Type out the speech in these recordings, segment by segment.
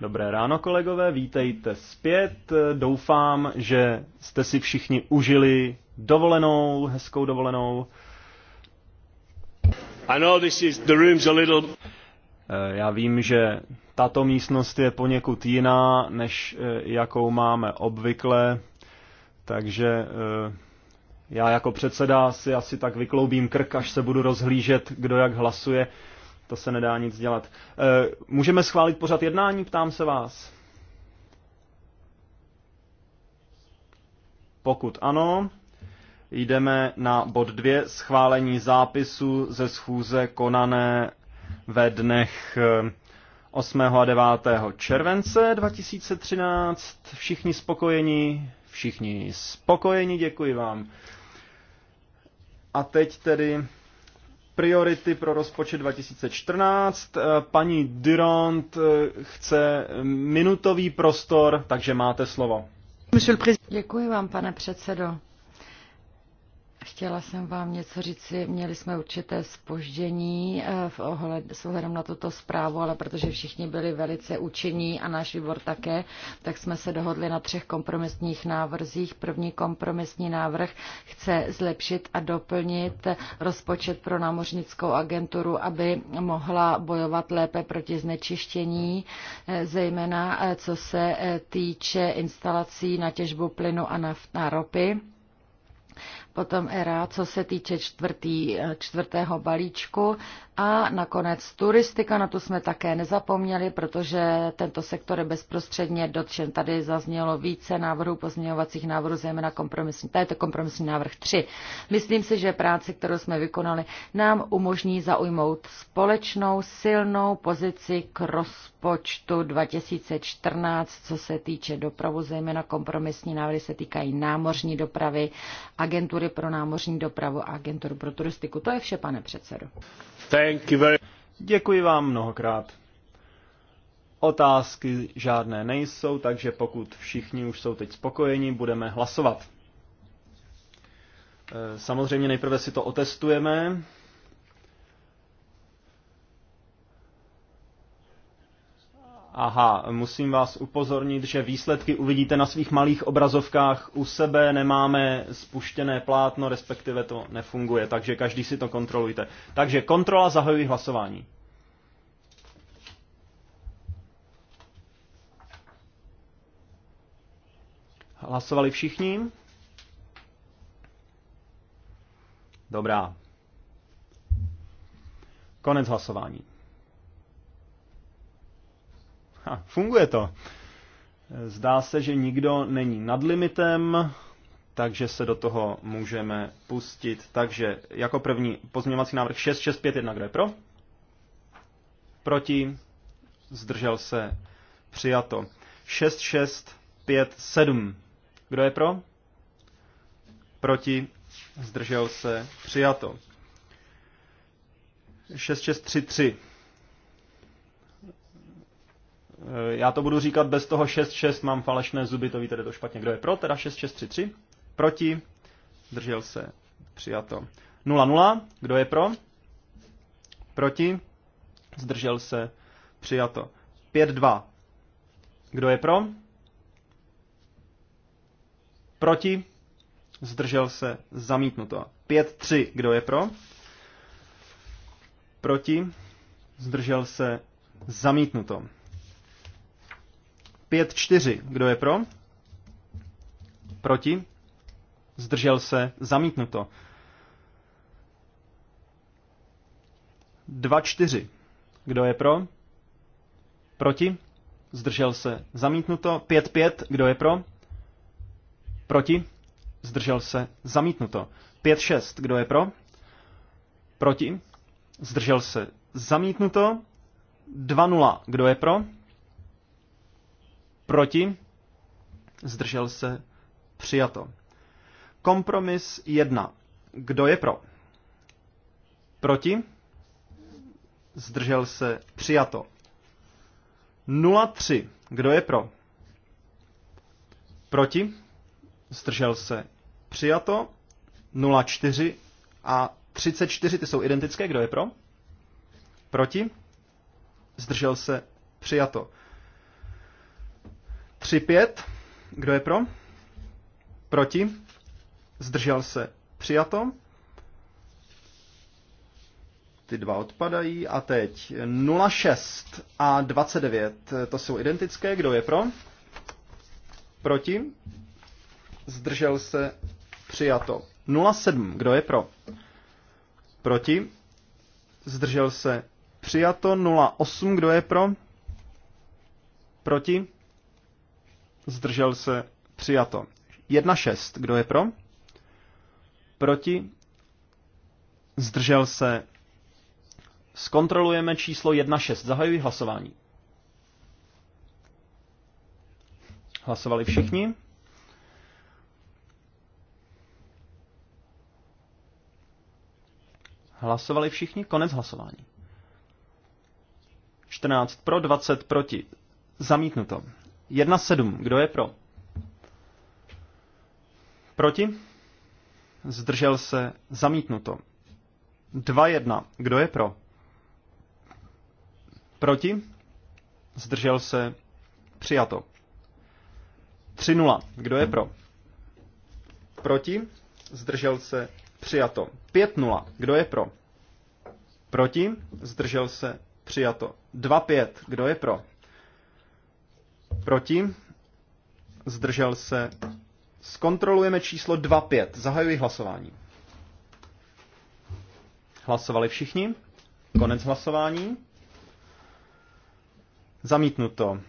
Dobré ráno, kolegové, vítejte zpět. Doufám, že jste si všichni užili dovolenou, hezkou dovolenou. I know this is, the room's a little... Eh, já vím, že tato místnost je poněkud jiná, než eh, jakou máme obvykle, takže eh, já jako předseda si asi tak vykloubím krk, až se budu rozhlížet, kdo jak hlasuje. To se nedá nic dělat. Eh, můžeme schválit pořad jednání, ptám se vás. Pokud ano, jdeme na bod 2, schválení zápisu ze schůze konané ve dnech 8. Eh, a 9. července 2013. Všichni spokojeni, všichni spokojeni, děkuji vám. A teď tedy priority pro rozpočet 2014. Eh, paní Durant eh, chce minutový prostor, takže máte slovo. Děkuji vám, pane předsedo. Chtěla jsem vám něco říci. Měli jsme určité spoždění eh, v ohled, s ohledem na tuto zprávu, ale protože všichni byli velice účinní a náš výbor také, tak jsme se dohodli na třech kompromisních návrzích. První kompromisní návrh chce zlepšit a doplnit rozpočet pro námořnickou agenturu, aby mohla bojovat lépe proti znečištění, eh, zejména eh, co se týče instalací na těžbu plynu a na, na ropy potom ERA, co se týče čtvrtý, čtvrtého balíčku a nakonec turistika, na to jsme také nezapomněli, protože tento sektor je bezprostředně dotčen. Tady zaznělo více návrhů, pozměňovacích návrhů, zejména kompromisní, tady je to kompromisní návrh 3. Myslím si, že práce, kterou jsme vykonali, nám umožní zaujmout společnou silnou pozici k rozpočtu 2014, co se týče dopravu, zejména kompromisní návrhy se týkají námořní dopravy, agentury agentury pro námořní dopravu a agenturu pro turistiku. To je vše, pane předsedo. Thank you very... Děkuji vám mnohokrát. Otázky žádné nejsou, takže pokud všichni už jsou teď spokojeni, budeme hlasovat. E, samozřejmě nejprve si to otestujeme. Aha, musím vás upozornit, že výsledky uvidíte na svých malých obrazovkách u sebe, nemáme spuštěné plátno, respektive to nefunguje, takže každý si to kontrolujte. Takže kontrola zahajují hlasování. Hlasovali všichni? Dobrá. Konec hlasování. Ha, funguje to. Zdá se, že nikdo není nad limitem, takže se do toho můžeme pustit. Takže jako první pozměňovací návrh 6651, kdo je pro? Proti? Zdržel se? Přijato. 6657, kdo je pro? Proti? Zdržel se? Přijato. 6633, Eh, já to budu říkat bez toho 6-6, mám falešné zuby, to víte, to špatně. Kdo je pro, teda 6-6-3-3. Proti, držel se, přijato. 0-0, kdo je pro? Proti, zdržel se, přijato. 5-2, kdo je pro? Proti, zdržel se, zamítnuto. 5-3, kdo je pro? Proti, zdržel se, zamítnuto. 5-4. Kdo je pro? Proti? Zdržel se? Zamítnuto. 2-4. Kdo je pro? Proti? Zdržel se? Zamítnuto. 5-5. Kdo je pro? Proti? Zdržel se? Zamítnuto. 5-6. Kdo je pro? Proti? Zdržel se? Zamítnuto. 2-0. Kdo je pro? Proti? Zdržel se? Přijato. Kompromis 1. Kdo je pro? Proti? Zdržel se? Přijato. 03. Kdo je pro? Proti? Zdržel se? Přijato. 04 a 34, ty jsou identické. Kdo je pro? Proti? Zdržel se? Přijato. 3-5. Kdo je pro? Proti? Zdržel se? Přijato? Ty dva odpadají. A teď 06 a 29. To jsou identické. Kdo je pro? Proti? Zdržel se? Přijato. 07. Kdo je pro? Proti? Zdržel se? Přijato. 08. Kdo je pro? Proti? zdržel se, přijato. 1.6, kdo je pro? Proti, zdržel se, zkontrolujeme číslo 1.6, zahajuji hlasování. Hlasovali všichni? Hlasovali všichni? Konec hlasování. 14 pro, 20 proti. Zamítnuto. 1.7. Kdo je pro? Proti? Zdržel se. Zamítnuto. 2.1. Kdo je pro? Proti? Zdržel se. Přijato. 3.0. Kdo je pro? Proti? Zdržel se. Přijato. 5.0. Kdo je pro? Proti? Zdržel se. Přijato. 2.5. Kdo je pro? Proti? Zdržel se. Zkontrolujeme číslo 2.5. Zahajuji hlasování. Hlasovali všichni? Konec hlasování. Zamítnuto.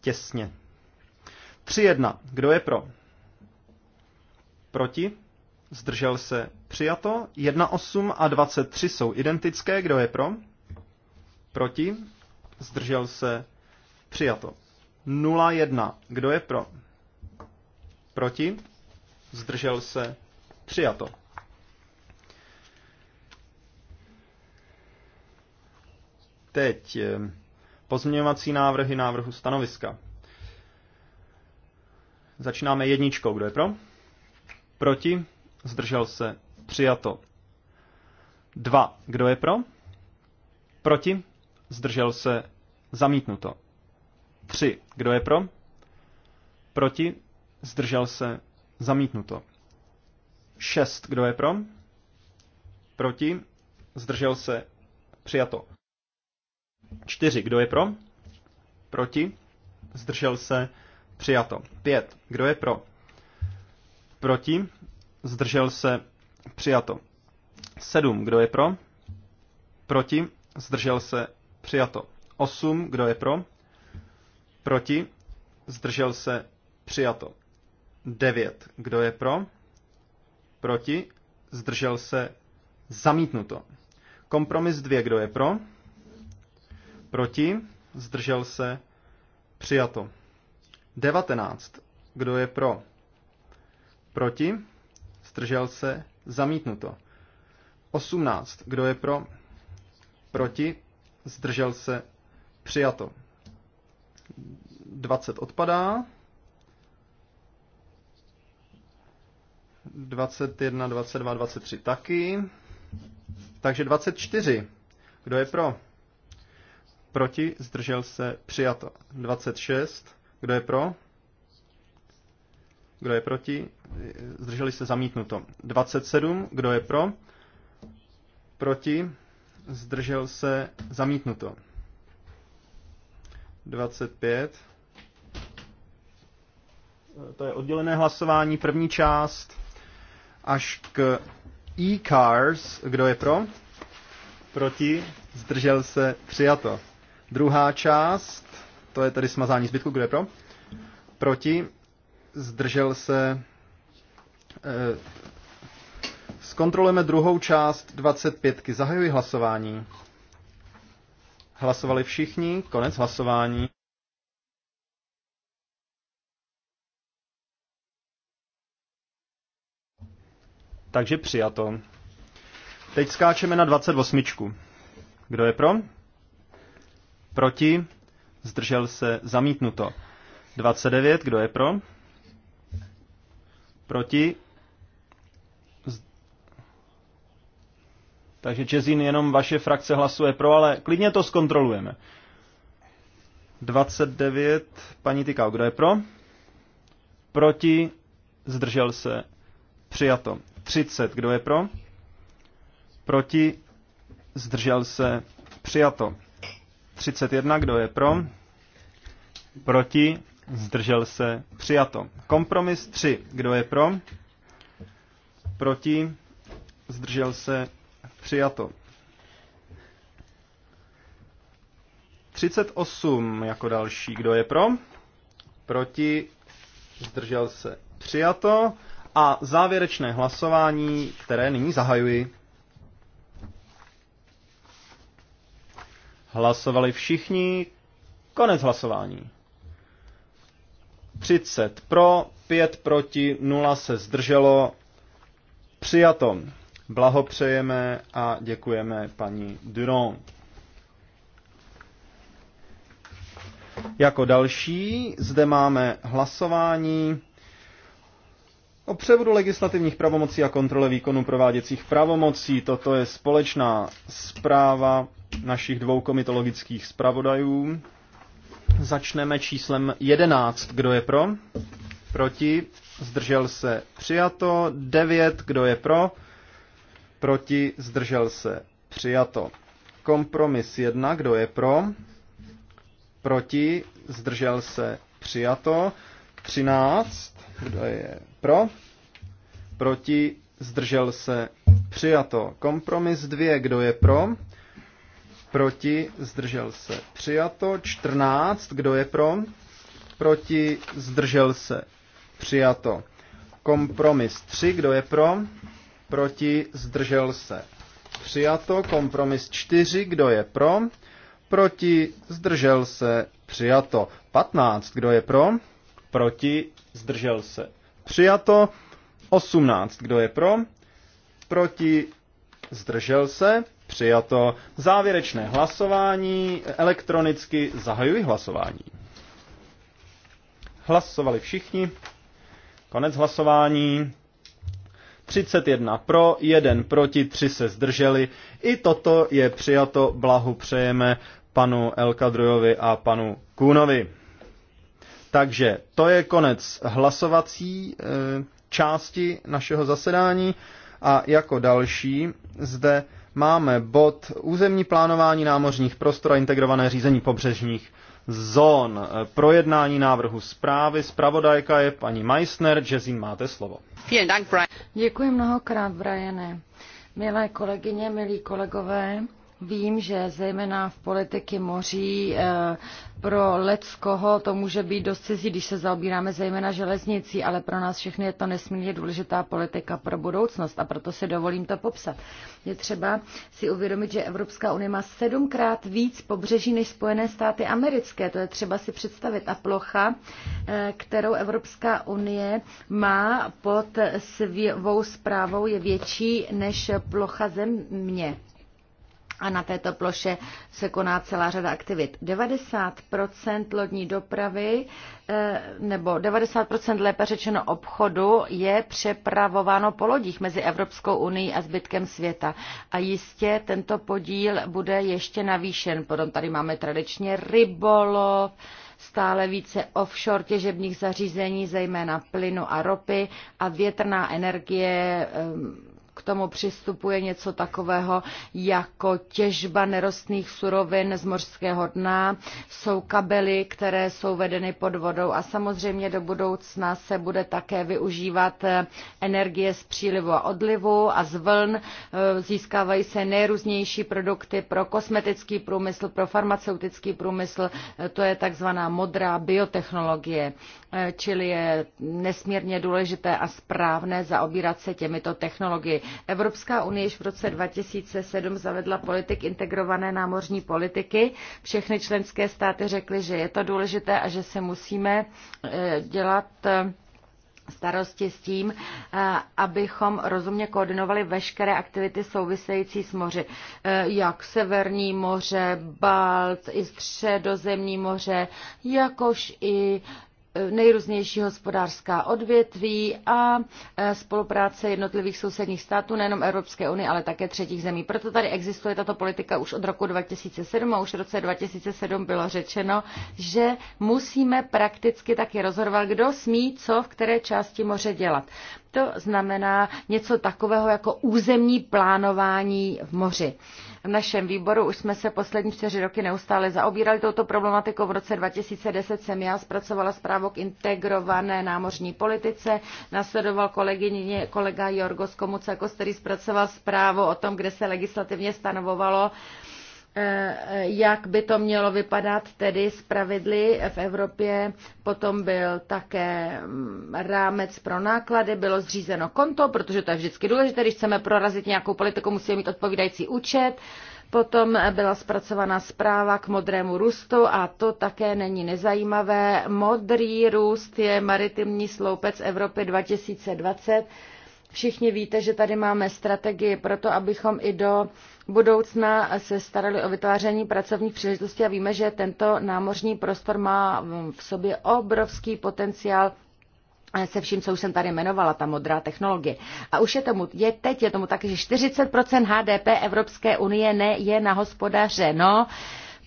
Těsně. 3.1. Kdo je pro? Proti? Zdržel se. Přijato. 1.8 a 23 jsou identické. Kdo je pro? Proti? Zdržel se. Přijato. 01. Kdo je pro? Proti? Zdržel se? Přijato. Teď eh, pozměňovací návrhy návrhu stanoviska. Začínáme jedničkou. Kdo je pro? Proti? Zdržel se? Přijato. 2. Kdo je pro? Proti? Zdržel se? Zamítnuto. 3. Kdo je pro? Proti? Zdržel se? Zamítnuto. 6. Kdo je pro? Proti? Zdržel se? Přijato. 4. Kdo je pro? Proti? Zdržel se? Přijato. 5. Kdo je pro? Proti? Zdržel se? Přijato. 7. Kdo je pro? Proti? Zdržel se? Přijato. 8. Kdo je pro? Proti? Zdržel se? Přijato. 9. Kdo je pro? Proti? Zdržel se? Zamítnuto. Kompromis 2. Kdo je pro? Proti? Zdržel se? Přijato. 19. Kdo je pro? Proti? Zdržel se? Zamítnuto. 18. Kdo je pro? Proti? Zdržel se? Přijato. 20 odpadá. 21, 22, 23 taky. Takže 24. Kdo je pro? Proti, zdržel se, přijato. 26. Kdo je pro? Kdo je proti? Zdrželi se, zamítnuto. 27. Kdo je pro? Proti, zdržel se, zamítnuto. 25. To je oddělené hlasování, první část až k e-cars. Kdo je pro? Proti? Zdržel se? Přijato. Druhá část, to je tedy smazání zbytku, kdo je pro? Proti? Zdržel se? E, zkontrolujeme druhou část 25. Zahajuji hlasování. Hlasovali všichni, konec hlasování. Takže přijato. Teď skáčeme na 28. Kdo je pro? Proti? Zdržel se zamítnuto. 29. Kdo je pro? Proti? Takže Čezín jenom vaše frakce hlasuje pro, ale klidně to zkontrolujeme. 29, paní Tykau, kdo je pro? Proti, zdržel se, přijato. 30, kdo je pro? Proti, zdržel se, přijato. 31, kdo je pro? Proti, zdržel se, přijato. Kompromis 3, kdo je pro? Proti, zdržel se, Přijato. 38 jako další. Kdo je pro? Proti? Zdržel se. Přijato. A závěrečné hlasování, které nyní zahajuji. Hlasovali všichni. Konec hlasování. 30 pro, 5 proti, 0 se zdrželo. Přijato. Blahopřejeme a děkujeme paní Durand. Jako další zde máme hlasování o převodu legislativních pravomocí a kontrole výkonu prováděcích pravomocí. Toto je společná zpráva našich dvou komitologických zpravodajů. Začneme číslem 11. Kdo je pro? Proti? Zdržel se přijato. 9. Kdo je pro? proti, zdržel se, přijato. Kompromis 1, kdo je pro, proti, zdržel se, přijato. 13, kdo je pro, proti, zdržel se, přijato. Kompromis 2, kdo je pro, proti, zdržel se, přijato. 14, kdo je pro, proti, zdržel se, přijato. Kompromis 3, kdo je pro, proti, zdržel se. Přijato, kompromis 4, kdo je pro, proti, zdržel se, přijato. 15, kdo je pro, proti, zdržel se. Přijato, 18, kdo je pro, proti, zdržel se, přijato. Závěrečné hlasování, elektronicky zahajuji hlasování. Hlasovali všichni. Konec hlasování. 31 pro, 1 proti, 3 se zdrželi. I toto je přijato, blahu přejeme panu Elkadrujovi a panu Kůnovi. Takže to je konec hlasovací e, části našeho zasedání a jako další zde máme bod územní plánování námořních prostor a integrované řízení pobřežních zón. Projednání návrhu zprávy. Zpravodajka je paní Meissner. Jezín, máte slovo. Děkuji mnohokrát, Briane. Milé kolegyně, milí kolegové, Vím, že zejména v politiky moří eh, pro leckoho to může být dost cizí, když se zaobíráme zejména železnicí, ale pro nás všechny je to nesmírně důležitá politika pro budoucnost a proto si dovolím to popsat. Je třeba si uvědomit, že Evropská unie má sedmkrát víc pobřeží než Spojené státy americké. To je třeba si představit. A plocha, eh, kterou Evropská unie má pod svou zprávou, je větší než plocha země a na této ploše se koná celá řada aktivit. 90% lodní dopravy, eh, nebo 90% lépe řečeno obchodu, je přepravováno po lodích mezi Evropskou unii a zbytkem světa. A jistě tento podíl bude ještě navýšen. Potom tady máme tradičně rybolov, stále více offshore těžebních zařízení, zejména plynu a ropy a větrná energie eh, k tomu přistupuje něco takového jako těžba nerostných surovin z mořského dna. Jsou kabely, které jsou vedeny pod vodou a samozřejmě do budoucna se bude také využívat eh, energie z přílivu a odlivu a z vln. Eh, získávají se nejrůznější produkty pro kosmetický průmysl, pro farmaceutický průmysl. Eh, to je takzvaná modrá biotechnologie čili je nesmírně důležité a správné zaobírat se těmito technologií. Evropská unie již v roce 2007 zavedla politik integrované námořní politiky. Všechny členské státy řekly, že je to důležité a že se musíme eh, dělat eh, starosti s tím, eh, abychom rozumně koordinovali veškeré aktivity související s moři, jak Severní moře, Balt, i Středozemní moře, jakož i nejrůznější hospodářská odvětví a e, spolupráce jednotlivých sousedních států, nejenom Evropské unie, ale také třetích zemí. Proto tady existuje tato politika už od roku 2007 a už v roce 2007 bylo řečeno, že musíme prakticky taky rozhodovat, kdo smí co v které části moře dělat. To znamená něco takového jako územní plánování v moři. V našem výboru už jsme se poslední čtyři roky neustále zaobírali touto problematikou. V roce 2010 jsem já zpracovala zprávu k integrované námořní politice. Nasledoval kolegyně, kolega Jorgos Komucakos, který zpracoval zprávu o tom, kde se legislativně stanovovalo, Eh, jak by to mělo vypadat tedy z pravidly v Evropě. Potom byl také mm, rámec pro náklady, bylo zřízeno konto, protože to je vždycky důležité, když chceme prorazit nějakou politiku, musíme mít odpovídající účet. Potom byla zpracovaná zpráva k modrému růstu a to také není nezajímavé. Modrý růst je maritimní sloupec Evropy 2020 Všichni víte, že tady máme strategii pro to, abychom i do budoucna se starali o vytváření pracovních příležitostí a víme, že tento námořní prostor má v sobě obrovský potenciál se vším, co už jsem tady jmenovala, ta modrá technologie. A už je tomu, je teď je tomu tak, že 40% HDP Evropské unie ne, je nahospodařeno. Uh,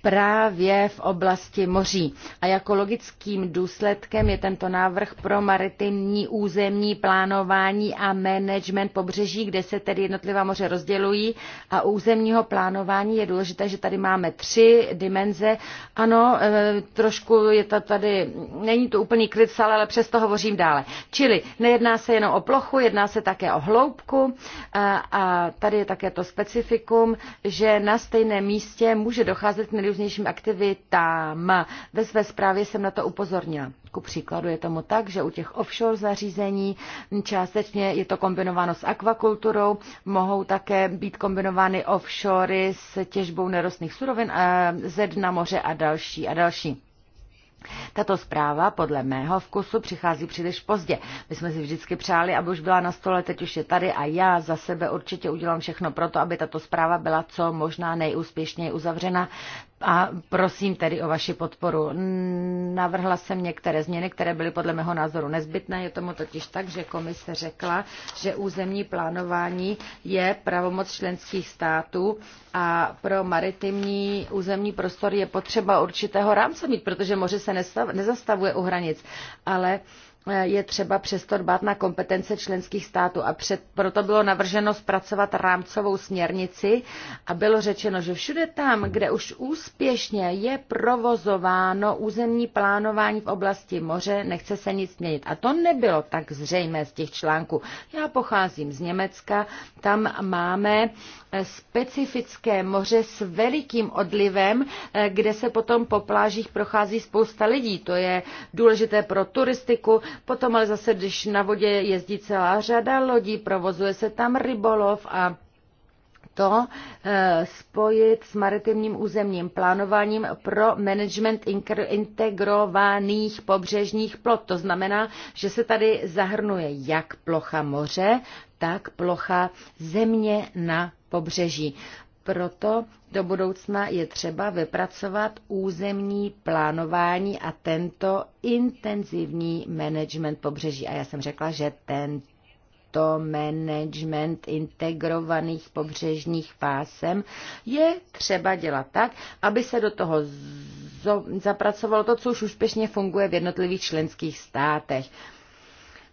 právě v oblasti moří. A jako logickým důsledkem je tento návrh pro maritimní územní plánování a management pobřeží, kde se tedy jednotlivá moře rozdělují. A u územního plánování je důležité, že tady máme tři dimenze. Ano, e, trošku je to tady, není to úplný kryt, ale přesto hovořím dále. Čili nejedná se jenom o plochu, jedná se také o hloubku a, e, a tady je také to specifikum, že na stejném místě může docházet k nejrůznějším aktivitám. Ve své zprávě jsem na to upozornila. Ku příkladu je tomu tak, že u těch offshore zařízení částečně je to kombinováno s akvakulturou, mohou také být kombinovány offshory s těžbou nerostných surovin eh, ze dna moře a další a další. Tato zpráva podle mého vkusu přichází příliš pozdě. My jsme si vždycky přáli, aby už byla na stole, teď už je tady a já za sebe určitě udělám všechno pro to, aby tato zpráva byla co možná nejúspěšněji uzavřena, a prosím tedy o vaši podporu. Navrhla jsem některé změny, které byly podle mého názoru nezbytné. Je tomu totiž tak, že komise řekla, že územní plánování je pravomoc členských států a pro maritimní územní prostor je potřeba určitého rámce mít, protože moře se nezastavuje u hranic. Ale uh, Eh, je třeba přesto dbát na kompetence členských států a před, proto bylo navrženo zpracovat rámcovou směrnici a bylo řečeno, že všude tam, kde už úspěšně je provozováno územní plánování v oblasti moře, nechce se nic měnit. A to nebylo tak zřejmé z těch článků. Já pocházím z Německa, tam máme eh, specifické moře s velikým odlivem, eh, kde se potom po plážích prochází spousta lidí. To je důležité pro turistiku, Potom ale zase, když na vodě jezdí celá řada lodí, provozuje se tam rybolov a to eh, spojit s maritimním územním plánováním pro management integrovaných pobřežních plot. To znamená, že se tady zahrnuje jak plocha moře, tak plocha země na pobřeží. Proto do budoucna je třeba vypracovat územní plánování a tento intenzivní management pobřeží. A já jsem řekla, že tento management integrovaných pobřežních pásem je třeba dělat tak, aby se do toho zapracovalo to, co už úspěšně funguje v jednotlivých členských státech.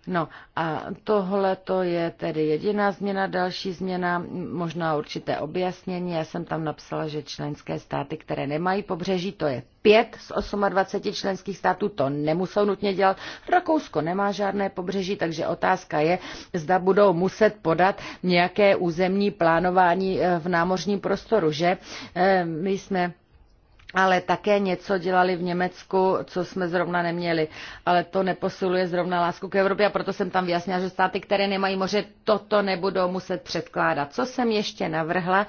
No a tohle to je tedy jediná změna, další změna, možná určité objasnění. Já jsem tam napsala, že členské státy, které nemají pobřeží, to je pět z 28 členských států, to nemusou nutně dělat. Rakousko nemá žádné pobřeží, takže otázka je, zda budou muset podat nějaké územní plánování eh, v námořním prostoru, že eh, my jsme ale také něco dělali v Německu, co jsme zrovna neměli. Ale to neposiluje zrovna lásku k Evropě a proto jsem tam vyjasnila, že státy, které nemají moře, toto nebudou muset předkládat. Co jsem ještě navrhla?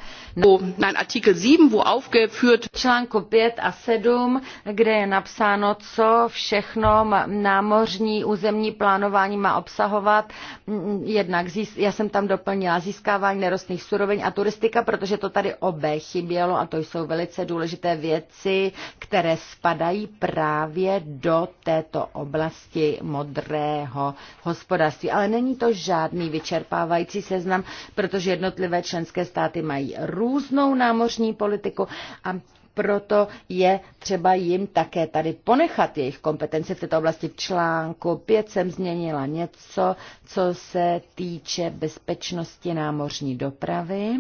Na artikel 7, wo aufgeführt... článku 5 a 7, kde je napsáno, co všechno námořní územní plánování má obsahovat. Mm, jednak zís... já jsem tam doplnila získávání nerostných surovin a turistika, protože to tady obé chybělo a to jsou velice důležité věci věci, které spadají právě do této oblasti modrého hospodářství. Ale není to žádný vyčerpávající seznam, protože jednotlivé členské státy mají různou námořní politiku a proto je třeba jim také tady ponechat jejich kompetence v této oblasti. V článku 5 jsem změnila něco, co se týče bezpečnosti námořní dopravy.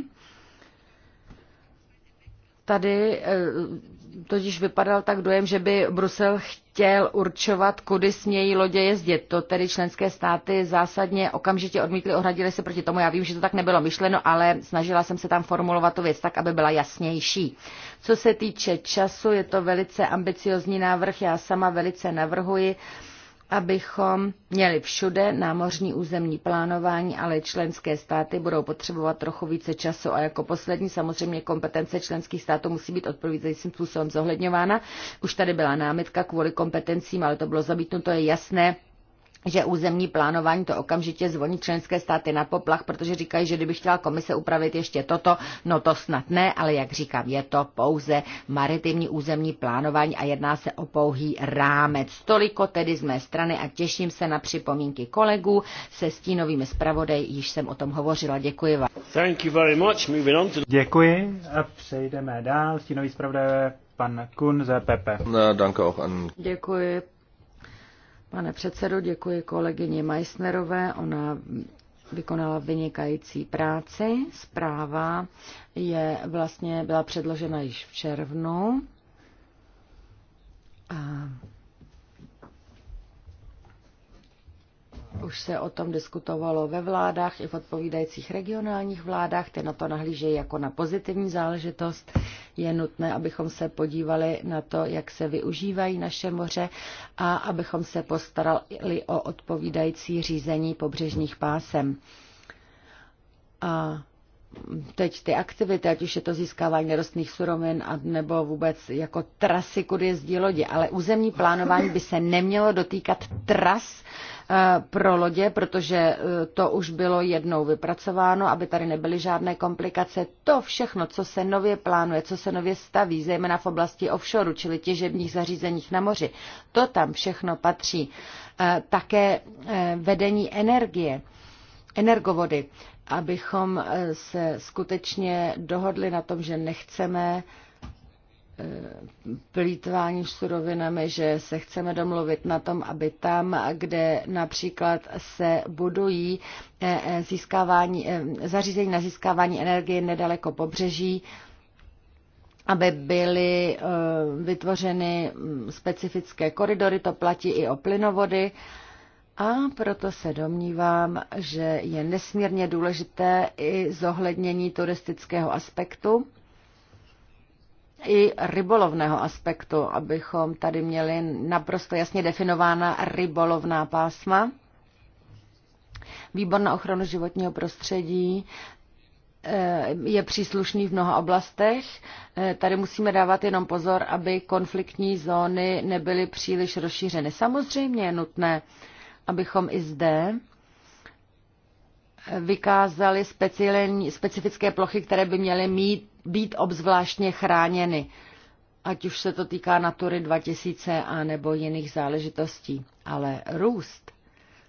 Tady eh, totiž vypadal tak dojem, že by Brusel chtěl určovat, kudy smějí lodě jezdit. To tedy členské státy zásadně okamžitě odmítly, ohradili se proti tomu. Já vím, že to tak nebylo myšleno, ale snažila jsem se tam formulovat tu věc tak, aby byla jasnější. Co se týče času, je to velice ambiciozní návrh. Já sama velice navrhuji abychom měli všude námořní územní plánování, ale členské státy budou potřebovat trochu více času a jako poslední samozřejmě kompetence členských států musí být odpovídajícím způsobem zohledňována. Už tady byla námitka kvůli kompetencím, ale to bylo zamítnuto, je jasné, že územní plánování to okamžitě zvoní členské státy na poplach, protože říkají, že kdyby chtěla komise upravit ještě toto, no to snad ne, ale jak říkám, je to pouze maritimní územní plánování a jedná se o pouhý rámec. Toliko tedy z mé strany a těším se na připomínky kolegů se stínovými zpravodej, již jsem o tom hovořila. Děkuji vám. Thank you very much. Moving on to... Děkuji a přejdeme dál. Stínový zpravodaj pan Kun za e PP. danke auch an... Děkuji, Pane předsedo, děkuji kolegyni Meissnerové. Ona vykonala vynikající práci. Zpráva je vlastně byla předložena již v červnu. A Už se o tom diskutovalo ve vládách i v odpovídajících regionálních vládách, ty na to nahlížejí jako na pozitivní záležitost. Je nutné, abychom se podívali na to, jak se využívají naše moře a abychom se postarali o odpovídající řízení pobřežních pásem. A teď ty aktivity, ať už je to získávání nerostných surovin a nebo vůbec jako trasy, kudy jezdí lodi, ale územní plánování by se nemělo dotýkat tras, Eh, pro lodě, protože eh, to už bylo jednou vypracováno, aby tady nebyly žádné komplikace. To všechno, co se nově plánuje, co se nově staví, zejména v oblasti offshore, čili těžebních zařízeních na moři, to tam všechno patří. Eh, také vedení energie, energovody, abychom se skutečně dohodli na tom, že nechceme E, plítvání surovinami, že se chceme domluvit na tom, aby tam, kde například se budují e, e, získávání, zařízení na získávání energie nedaleko pobřeží, aby byly vytvořeny specifické koridory, to platí i o plynovody, a proto se domnívám, že je nesmírně důležité i zohlednění turistického aspektu i rybolovného aspektu, abychom tady měli naprosto jasně definována rybolovná pásma. Výbor na ochranu životního prostředí eh, je příslušný v mnoha oblastech. Eh, tady musíme dávat jenom pozor, aby konfliktní zóny nebyly příliš rozšířeny. Samozřejmě je nutné, abychom i zde vykázali specifické plochy, které by měly mít být obzvláštně chráněny, ať už se to týká Natury 2000 a nebo jiných záležitostí. Ale růst,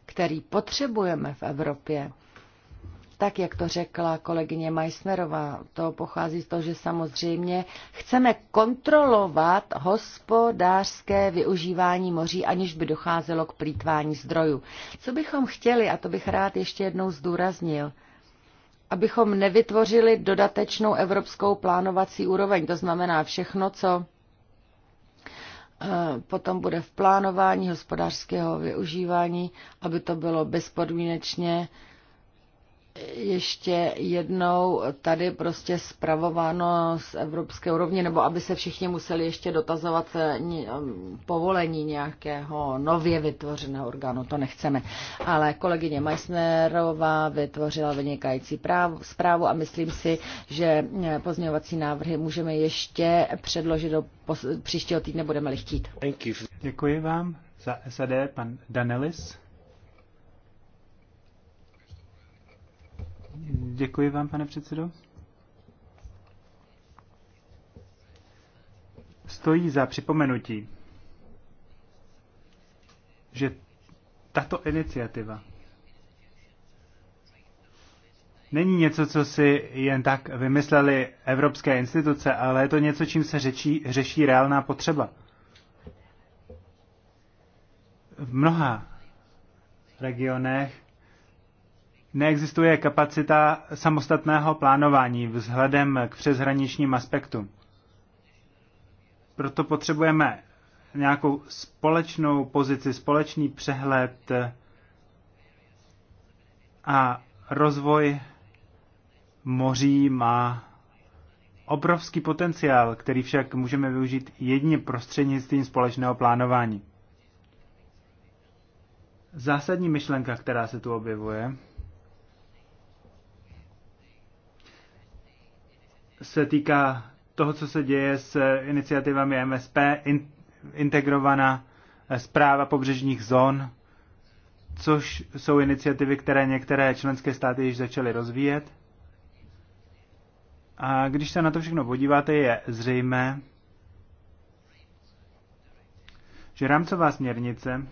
který potřebujeme v Evropě, tak, jak to řekla kolegyně Meissnerová, to pochází z toho, že samozřejmě chceme kontrolovat hospodářské využívání moří, aniž by docházelo k plítvání zdrojů. Co bychom chtěli, a to bych rád ještě jednou zdůraznil, abychom nevytvořili dodatečnou evropskou plánovací úroveň. To znamená všechno, co eh, potom bude v plánování hospodářského využívání, aby to bylo bezpodmínečně ještě jednou tady prostě spravováno z evropské úrovně, nebo aby se všichni museli ještě dotazovat eh, eh, povolení nějakého nově vytvořeného orgánu, to nechceme. Ale kolegyně Meissnerová vytvořila vynikající zprávu a myslím si, že eh, pozměňovací návrhy můžeme ještě předložit do příštího týdne, budeme-li chtít. Děkuji vám za SAD, pan Danelis. Děkuji vám, pane předsedo. Stojí za připomenutí, že tato iniciativa není něco, co si jen tak vymysleli evropské instituce, ale je to něco, čím se řeší, řeší reálná potřeba. V mnoha regionech neexistuje kapacita samostatného plánování vzhledem k přeshraničním aspektům. Proto potřebujeme nějakou společnou pozici, společný přehled a rozvoj moří má obrovský potenciál, který však můžeme využít jedině prostřednictvím společného plánování. Zásadní myšlenka, která se tu objevuje, se týká toho, co se děje s iniciativami MSP, in, integrovaná zpráva eh, pobřežních zón, což jsou iniciativy, které některé členské státy již začaly rozvíjet. A když se na to všechno podíváte, je zřejmé, že rámcová směrnice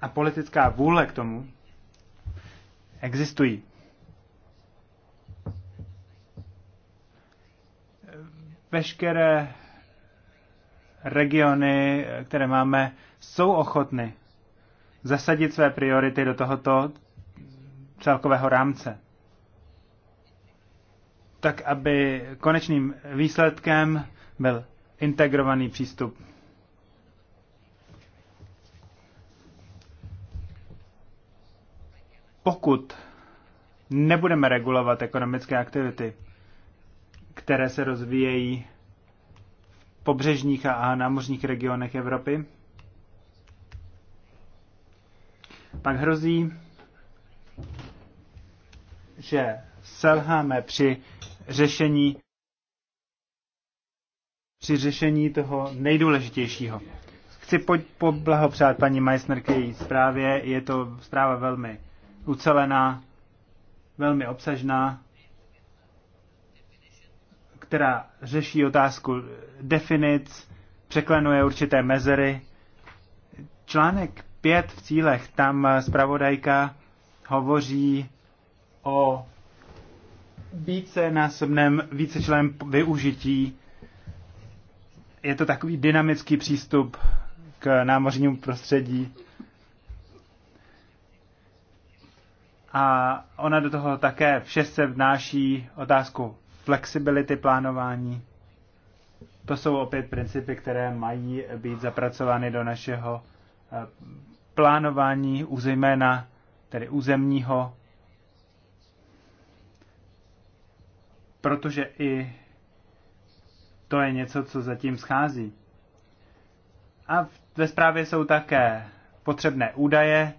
a politická vůle k tomu existují. veškeré regiony, které máme, jsou ochotny zasadit své priority do tohoto celkového rámce. Tak, aby konečným výsledkem byl integrovaný přístup. Pokud nebudeme regulovat ekonomické aktivity, které se rozvíjejí v pobřežních a námořních regionech Evropy. Pak hrozí, že selháme při řešení při řešení toho nejdůležitějšího. Chci poblahopřát paní Meissner k její zprávě. Je to zpráva velmi ucelená, velmi obsažná která řeší otázku definic, překlenuje určité mezery. Článek 5 v cílech, tam zpravodajka hovoří o více více vícečleném využití. Je to takový dynamický přístup k námořnímu prostředí. A ona do toho také v šestce vnáší otázku flexibility plánování. To jsou opět principy, které mají být zapracovány do našeho eh, plánování, zejména tedy územního, protože i to je něco, co zatím schází. A ve zprávě jsou také potřebné údaje,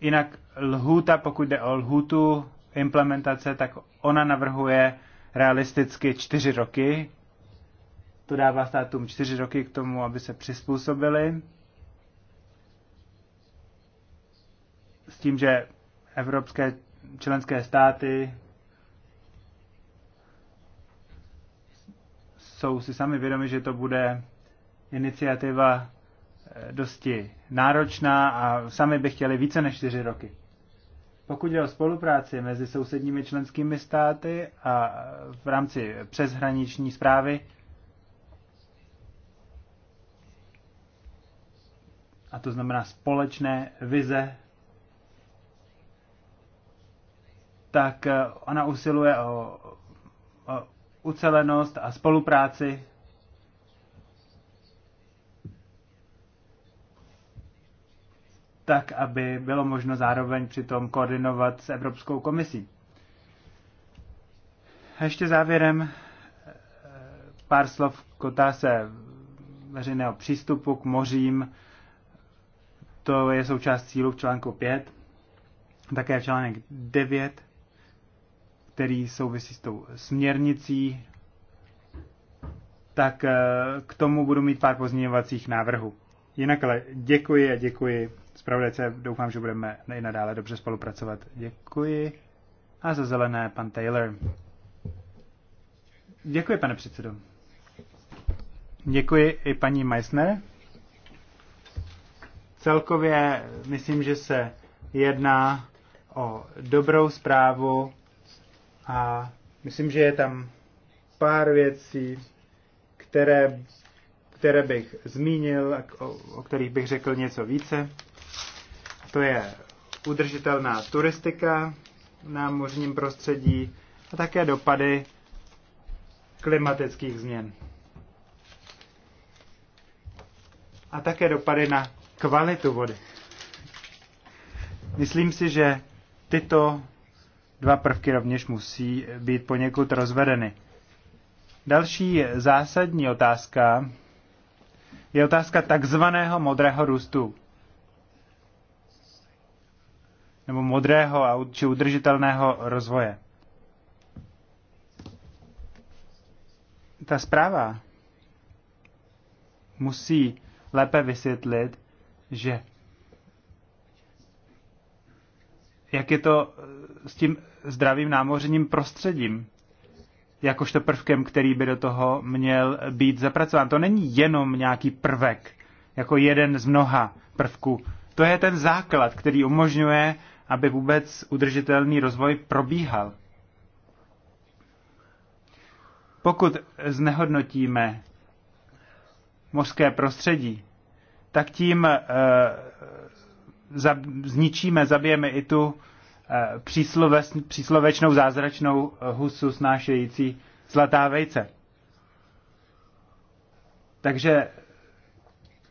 jinak lhůta, pokud jde o lhůtu, implementace, tak ona navrhuje realisticky čtyři roky. To dává státům čtyři roky k tomu, aby se přizpůsobili. S tím, že evropské členské státy jsou si sami vědomi, že to bude iniciativa eh, dosti náročná a sami by chtěli více než čtyři roky. Pokud jde o spolupráci mezi sousedními členskými státy a v rámci přeshraniční zprávy, a to znamená společné vize, tak ona usiluje o, o ucelenost a spolupráci tak aby bylo možno zároveň přitom koordinovat s Evropskou komisí. A ještě závěrem eh, pár slov k se veřejného přístupu k mořím. To je součást cílu v článku 5, také v článek 9, který souvisí s tou směrnicí, tak eh, k tomu budu mít pár pozměňovacích návrhů. Jinak ale děkuji a děkuji Spravodajce, Doufám, že budeme i nadále dobře spolupracovat. Děkuji. A za zelené pan Taylor. Děkuji, pane předsedo. Děkuji i paní Meissner. Celkově myslím, že se jedná o dobrou zprávu a myslím, že je tam pár věcí, které, které bych zmínil, o, o kterých bych řekl něco více. To je udržitelná turistika na námořním prostředí a také dopady klimatických změn. A také dopady na kvalitu vody. Myslím si, že tyto dva prvky rovněž musí být poněkud rozvedeny. Další zásadní otázka je otázka takzvaného modrého růstu nebo modrého a či udržitelného rozvoje. Ta zpráva musí lépe vysvětlit, že jak je to eh, s tím zdravým námořním prostředím, jakožto prvkem, který by do toho měl být zapracován. To není jenom nějaký prvek, jako jeden z mnoha prvků. To je ten základ, který umožňuje aby vůbec udržitelný rozvoj probíhal. Pokud znehodnotíme mořské prostředí, tak tím eh, zničíme, zabijeme i tu eh, příslovečnou zázračnou eh, husu snášející zlatá vejce. Takže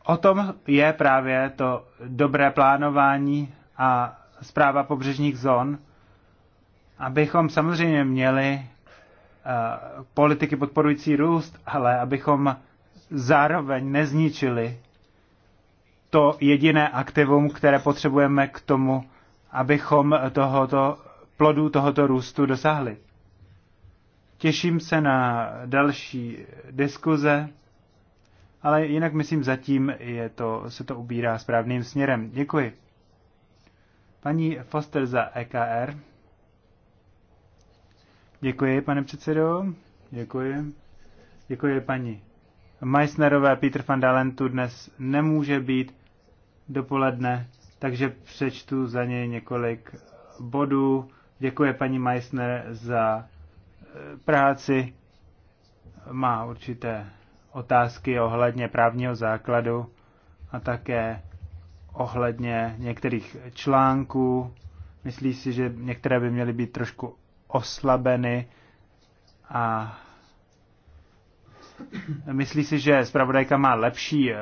o tom je právě to dobré plánování a zpráva pobřežních zón, abychom samozřejmě měli eh, politiky podporující růst, ale abychom zároveň nezničili to jediné aktivum, které potřebujeme k tomu, abychom tohoto, plodu tohoto růstu dosáhli. Těším se na další diskuze, ale jinak myslím zatím je to, se to ubírá správným směrem. Děkuji. Paní Foster za EKR. Děkuji, pane předsedo. Děkuji. Děkuji paní Meissnerové. Peter van Dalen tu dnes nemůže být dopoledne, takže přečtu za něj několik bodů. Děkuji paní Meissner za eh, práci. Má určité otázky ohledně právního základu a také ohledně některých článků. Myslí si, že některé by měly být trošku oslabeny a myslí si, že zpravodajka má lepší eh,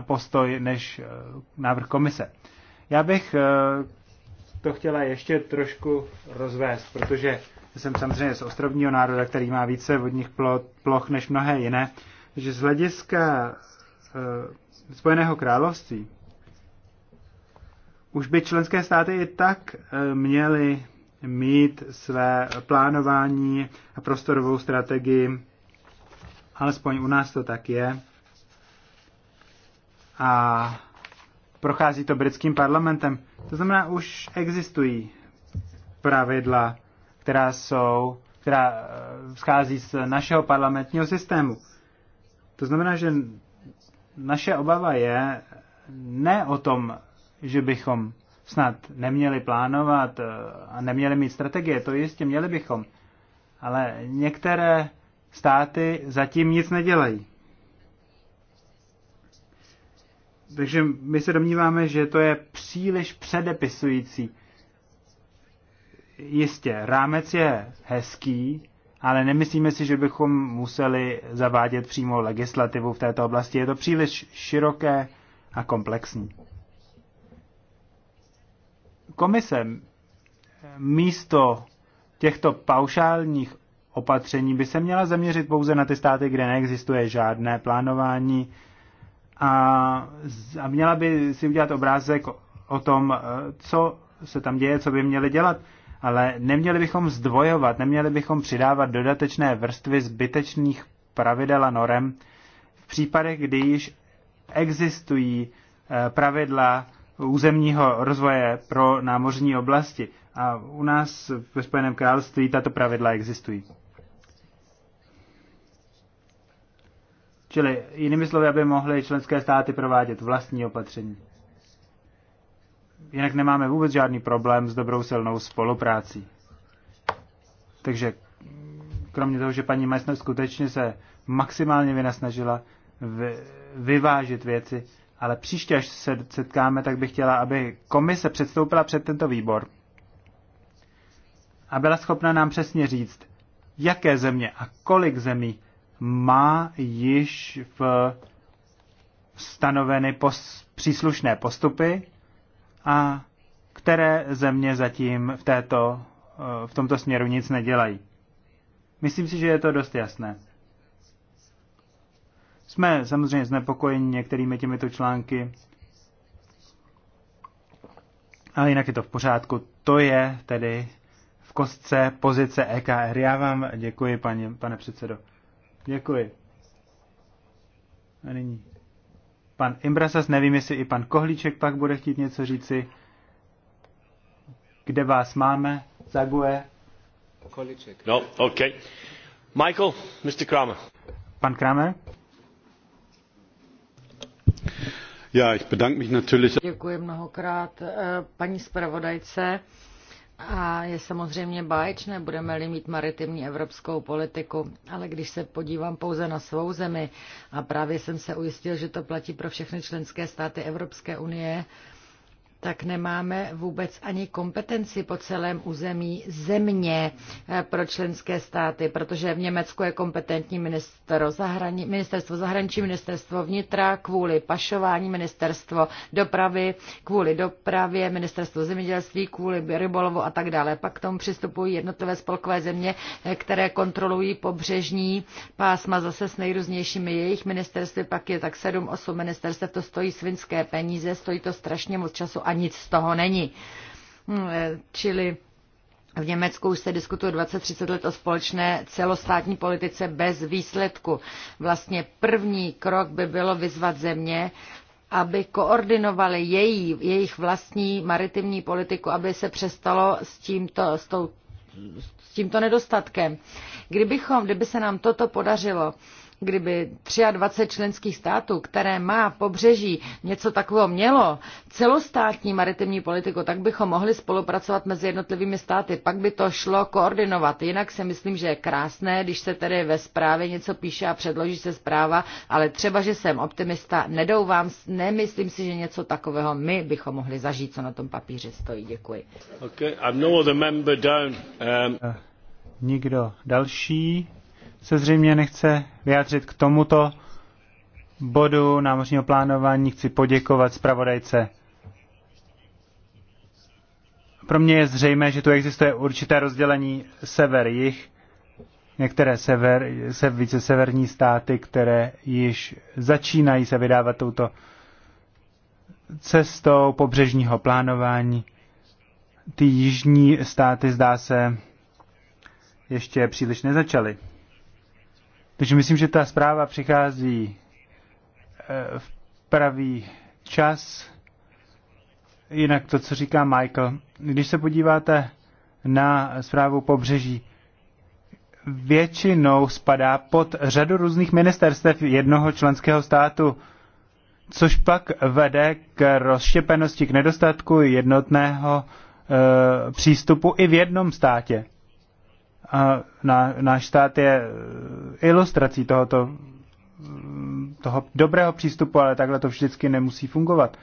postoj než eh, návrh komise. Já bych eh, to chtěla ještě trošku rozvést, protože jsem samozřejmě z ostrovního národa, který má více vodních ploch než mnohé jiné, že z hlediska Spojeného království už by členské státy i tak eh, měly mít své plánování a prostorovou strategii, alespoň u nás to tak je. A prochází to britským parlamentem. To znamená, už existují pravidla, která jsou, která eh, vzchází z našeho parlamentního systému. To znamená, že naše obava je ne o tom že bychom snad neměli plánovat eh, a neměli mít strategie, to jistě měli bychom. Ale některé státy zatím nic nedělají. Takže my se domníváme, že to je příliš předepisující. Jistě, rámec je hezký, ale nemyslíme si, že bychom museli zavádět přímo legislativu v této oblasti. Je to příliš široké a komplexní. Komise eh, místo těchto paušálních opatření by se měla zaměřit pouze na ty státy, kde neexistuje žádné plánování a, a měla by si udělat obrázek o, o tom, eh, co se tam děje, co by měli dělat, ale neměli bychom zdvojovat, neměli bychom přidávat dodatečné vrstvy zbytečných pravidel a norem v případech, kdy již existují eh, pravidla, územního rozvoje pro námořní oblasti. A u nás ve Spojeném království tato pravidla existují. Čili jinými slovy, aby mohly členské státy provádět vlastní opatření. Jinak nemáme vůbec žádný problém s dobrou silnou spoluprácí. Takže kromě toho, že paní Meissner skutečně se maximálně vynasnažila vyvážit věci, ale příště, až se setkáme, tak bych chtěla, aby komise předstoupila před tento výbor a byla schopna nám přesně říct, jaké země a kolik zemí má již v stanoveny pos, příslušné postupy a které země zatím v, této, eh, v tomto směru nic nedělají. Myslím si, že je to dost jasné. Jsme samozřejmě znepokojeni některými těmito články, ale jinak je to v pořádku. To je tedy v kostce pozice EKR. Já vám děkuji, paní, pane předsedo. Děkuji. A nyní. Pan Imbrasas, nevím, jestli i pan Kohlíček pak bude chtít něco říci. Kde vás máme? Zague. Kohlíček. No, OK. Michael, Mr. Kramer. Pan Kramer? Děkuji mnohokrát eh, paní zpravodajce. A je samozřejmě báječné, budeme-li mít maritimní evropskou politiku, ale když se podívám pouze na svou zemi, a právě jsem se ujistil, že to platí pro všechny členské státy Evropské unie, tak nemáme vůbec ani kompetenci po celém území země eh, pro členské státy, protože v Německu je kompetentní zahrani, ministerstvo zahraničí, ministerstvo vnitra kvůli pašování, ministerstvo dopravy kvůli dopravě, ministerstvo zemědělství kvůli rybolovu a tak dále. Pak k tomu přistupují jednotlivé spolkové země, eh, které kontrolují pobřežní pásma zase s nejrůznějšími jejich ministerstvy, pak je tak 7-8 ministerstv, to stojí svinské peníze, stojí to strašně moc času a nic z toho není. Hm, eh, čili v Německu už se diskutuje 20-30 let o společné celostátní politice bez výsledku. Vlastně první krok by bylo vyzvat země, aby koordinovali její, jejich vlastní maritimní politiku, aby se přestalo s tímto, s tou, s tímto nedostatkem. Kdybychom, kdyby se nám toto podařilo, kdyby 23 členských států, které má pobřeží, něco takového mělo, celostátní maritimní politiku, tak bychom mohli spolupracovat mezi jednotlivými státy. Pak by to šlo koordinovat. Jinak si myslím, že je krásné, když se tedy ve zprávě něco píše a předloží se zpráva, ale třeba, že jsem optimista, nedouvám, nemyslím si, že něco takového my bychom mohli zažít, co na tom papíře stojí. Děkuji. Okay, no other member um, eh, Nikdo další se zřejmě nechce vyjádřit k tomuto bodu námořního plánování. Chci poděkovat zpravodajce. Pro mě je zřejmé, že tu existuje určité rozdělení sever-jih. Některé sever, se více severní státy, které již začínají se vydávat touto cestou pobřežního plánování. Ty jižní státy, zdá se, ještě příliš nezačaly. Takže myslím, že ta zpráva přichází eh, v pravý čas. Jinak to, co říká Michael, když se podíváte na zprávu pobřeží, většinou spadá pod řadu různých ministerstev jednoho členského státu, což pak vede k rozštěpenosti, k nedostatku jednotného e, přístupu i v jednom státě. A ná, náš stát je eh, ilustrací tohoto, toho dobrého přístupu, ale takhle to vždycky nemusí fungovat.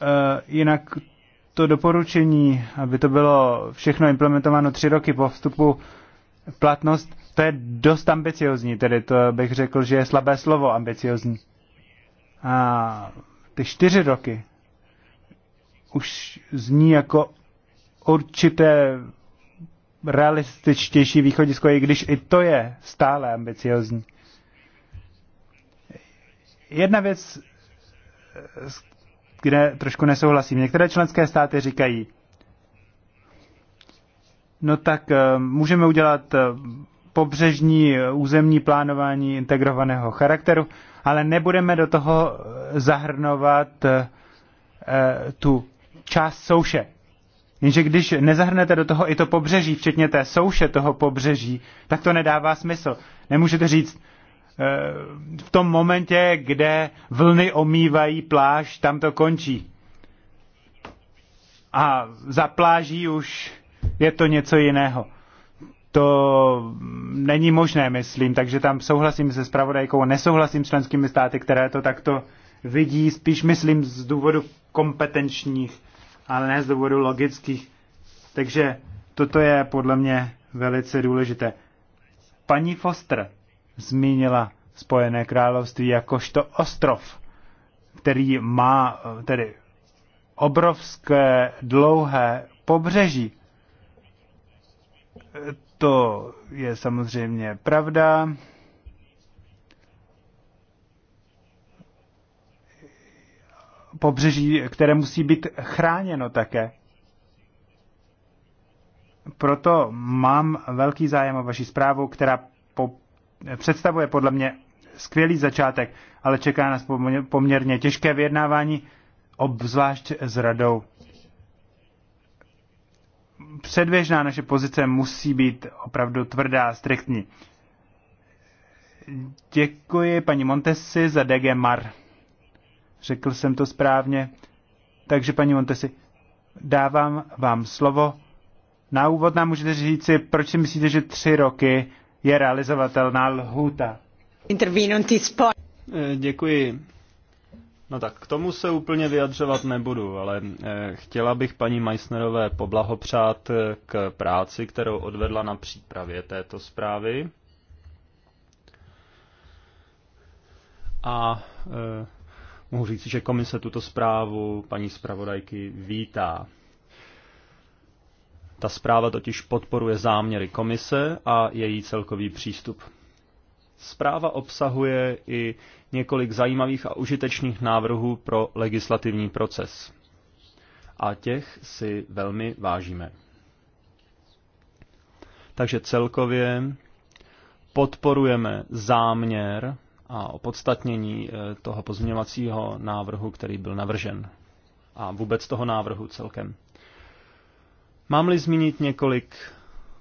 Eh, jinak to doporučení, aby to bylo všechno implementováno tři roky po vstupu platnost, to je dost ambiciozní, tedy to bych řekl, že je slabé slovo ambiciozní. A ty čtyři roky už zní jako určité realističtější východisko, i když i to je stále ambiciozní. Jedna věc, kde trošku nesouhlasím. Některé členské státy říkají, no tak eh, můžeme udělat eh, pobřežní eh, územní plánování integrovaného charakteru, ale nebudeme do toho zahrnovat tu část souše. Jenže když nezahrnete do toho i to pobřeží, včetně té souše toho pobřeží, tak to nedává smysl. Nemůžete říct, eh, v tom momentě, kde vlny omývají pláž, tam to končí. A za pláží už je to něco jiného. To není možné, myslím, takže tam souhlasím se spravodajkou, nesouhlasím s členskými státy, které to takto vidí, spíš myslím z důvodu kompetenčních ale ne z důvodu logických. Takže toto je podle mě velice důležité. Paní Foster zmínila Spojené království jakožto ostrov, který má eh, tedy obrovské dlouhé pobřeží. Eh, to je samozřejmě pravda. pobřeží, které musí být chráněno také. Proto mám velký zájem o vaši zprávu, která po, představuje podle mě skvělý začátek, ale čeká nás poměrně těžké vyjednávání, obzvlášť s radou. Předběžná naše pozice musí být opravdu tvrdá a striktní. Děkuji paní Montesi za DG Mar. Řekl jsem to správně. Takže, paní Montesi, dávám vám slovo. Na úvod nám můžete říci, proč si myslíte, že tři roky je realizovatelná lhůta. Eh, děkuji. No tak k tomu se úplně vyjadřovat nebudu, ale eh, chtěla bych paní Meissnerové poblahopřát eh, k práci, kterou odvedla na přípravě této zprávy. A Mohu říct, že komise tuto zprávu paní zpravodajky vítá. Ta zpráva totiž podporuje záměry komise a její celkový přístup. Zpráva obsahuje i několik zajímavých a užitečných návrhů pro legislativní proces. A těch si velmi vážíme. Takže celkově podporujeme záměr a opodstatnění eh, toho pozměňovacího návrhu, který byl navržen a vůbec toho návrhu celkem. Mám-li zmínit několik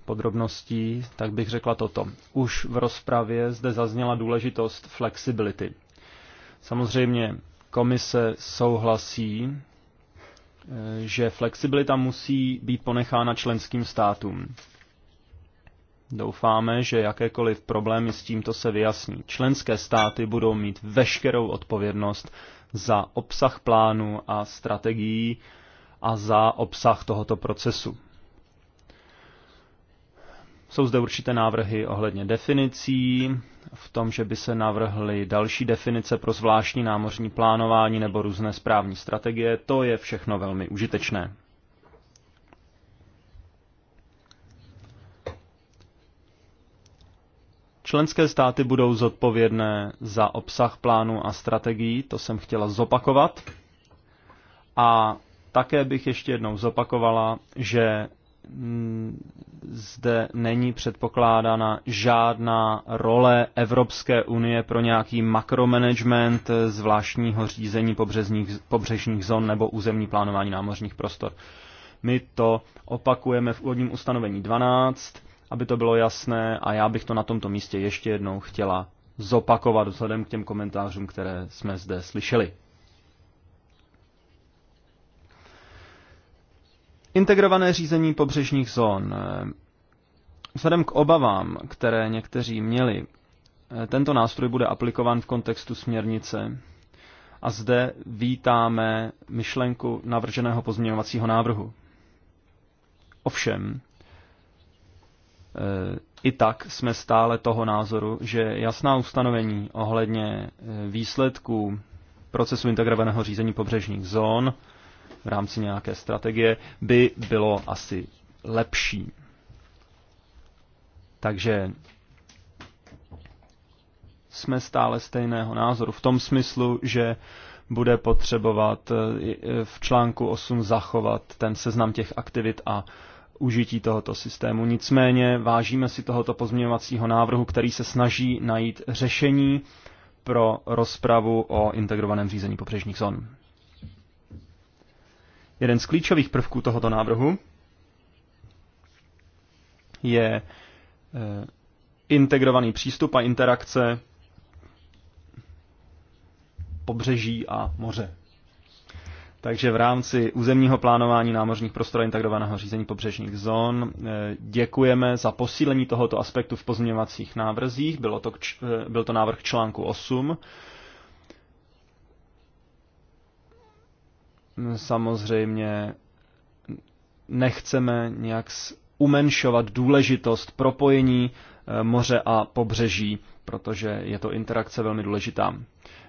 podrobností, tak bych řekla toto. Už v rozpravě zde zazněla důležitost flexibility. Samozřejmě komise souhlasí, eh, že flexibilita musí být ponechána členským státům. Doufáme, že jakékoliv problémy s tímto se vyjasní. Členské státy budou mít veškerou odpovědnost za obsah plánu a strategií a za obsah tohoto procesu. Jsou zde určité návrhy ohledně definicí, v tom, že by se navrhly další definice pro zvláštní námořní plánování nebo různé správní strategie. To je všechno velmi užitečné. Členské státy budou zodpovědné za obsah plánu a strategií, to jsem chtěla zopakovat. A také bych ještě jednou zopakovala, že mm, zde není předpokládána žádná role Evropské unie pro nějaký makromanagement zvláštního řízení pobřežních, pobřežních zón nebo územní plánování námořních prostor. My to opakujeme v úvodním ustanovení 12 aby to bylo jasné a já bych to na tomto místě ještě jednou chtěla zopakovat vzhledem k těm komentářům, které jsme zde slyšeli. Integrované řízení pobřežních zón. Vzhledem k obavám, které někteří měli, tento nástroj bude aplikován v kontextu směrnice a zde vítáme myšlenku navrženého pozměňovacího návrhu. Ovšem, i tak jsme stále toho názoru, že jasná ustanovení ohledně eh, výsledků procesu integrovaného řízení pobřežních zón v rámci nějaké strategie by bylo asi lepší. Takže jsme stále stejného názoru v tom smyslu, že bude potřebovat eh, eh, v článku 8 zachovat ten seznam těch aktivit a užití tohoto systému. Nicméně vážíme si tohoto pozměňovacího návrhu, který se snaží najít řešení pro rozpravu o integrovaném řízení pobřežních zón. Jeden z klíčových prvků tohoto návrhu je e, integrovaný přístup a interakce pobřeží a moře. Takže v rámci územního plánování námořních prostor a integrovaného řízení pobřežních zón eh, děkujeme za posílení tohoto aspektu v pozměňovacích návrzích. Bylo to, eh, byl to návrh článku 8. Samozřejmě nechceme nějak umenšovat důležitost propojení eh, moře a pobřeží, protože je to interakce velmi důležitá.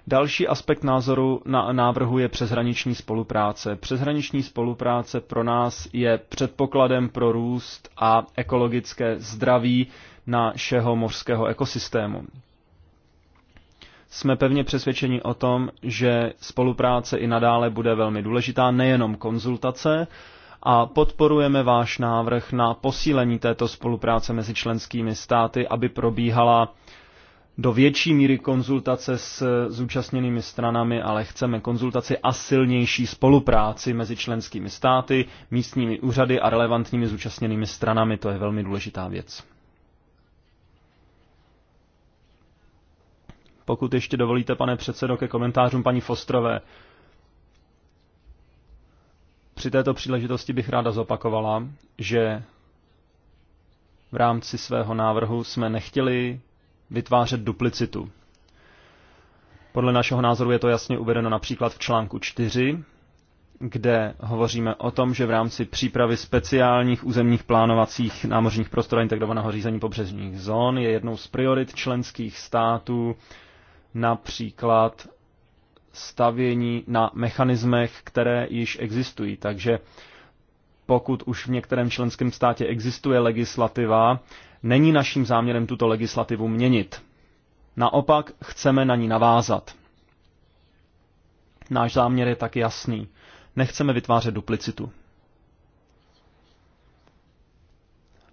Další aspekt názoru na návrhu je přeshraniční spolupráce. Přeshraniční spolupráce pro nás je předpokladem pro růst a ekologické zdraví našeho mořského ekosystému. Jsme pevně přesvědčeni o tom, že spolupráce i nadále bude velmi důležitá, nejenom konzultace, a podporujeme váš návrh na posílení této spolupráce mezi členskými státy, aby probíhala do větší míry konzultace s zúčastněnými stranami, ale chceme konzultaci a silnější spolupráci mezi členskými státy, místními úřady a relevantními zúčastněnými stranami. To je velmi důležitá věc. Pokud ještě dovolíte, pane předsedo, ke komentářům paní Fostrové. Při této příležitosti bych ráda zopakovala, že v rámci svého návrhu jsme nechtěli vytvářet duplicitu. Podle našeho názoru je to jasně uvedeno například v článku 4, kde hovoříme o tom, že v rámci přípravy speciálních územních plánovacích námořních prostor a integrovaného řízení pobřežních zón je jednou z priorit členských států například stavění na mechanismech, které již existují. Takže pokud už v některém členském státě existuje legislativa, Není naším záměrem tuto legislativu měnit. Naopak chceme na ní navázat. Náš záměr je tak jasný. Nechceme vytvářet duplicitu.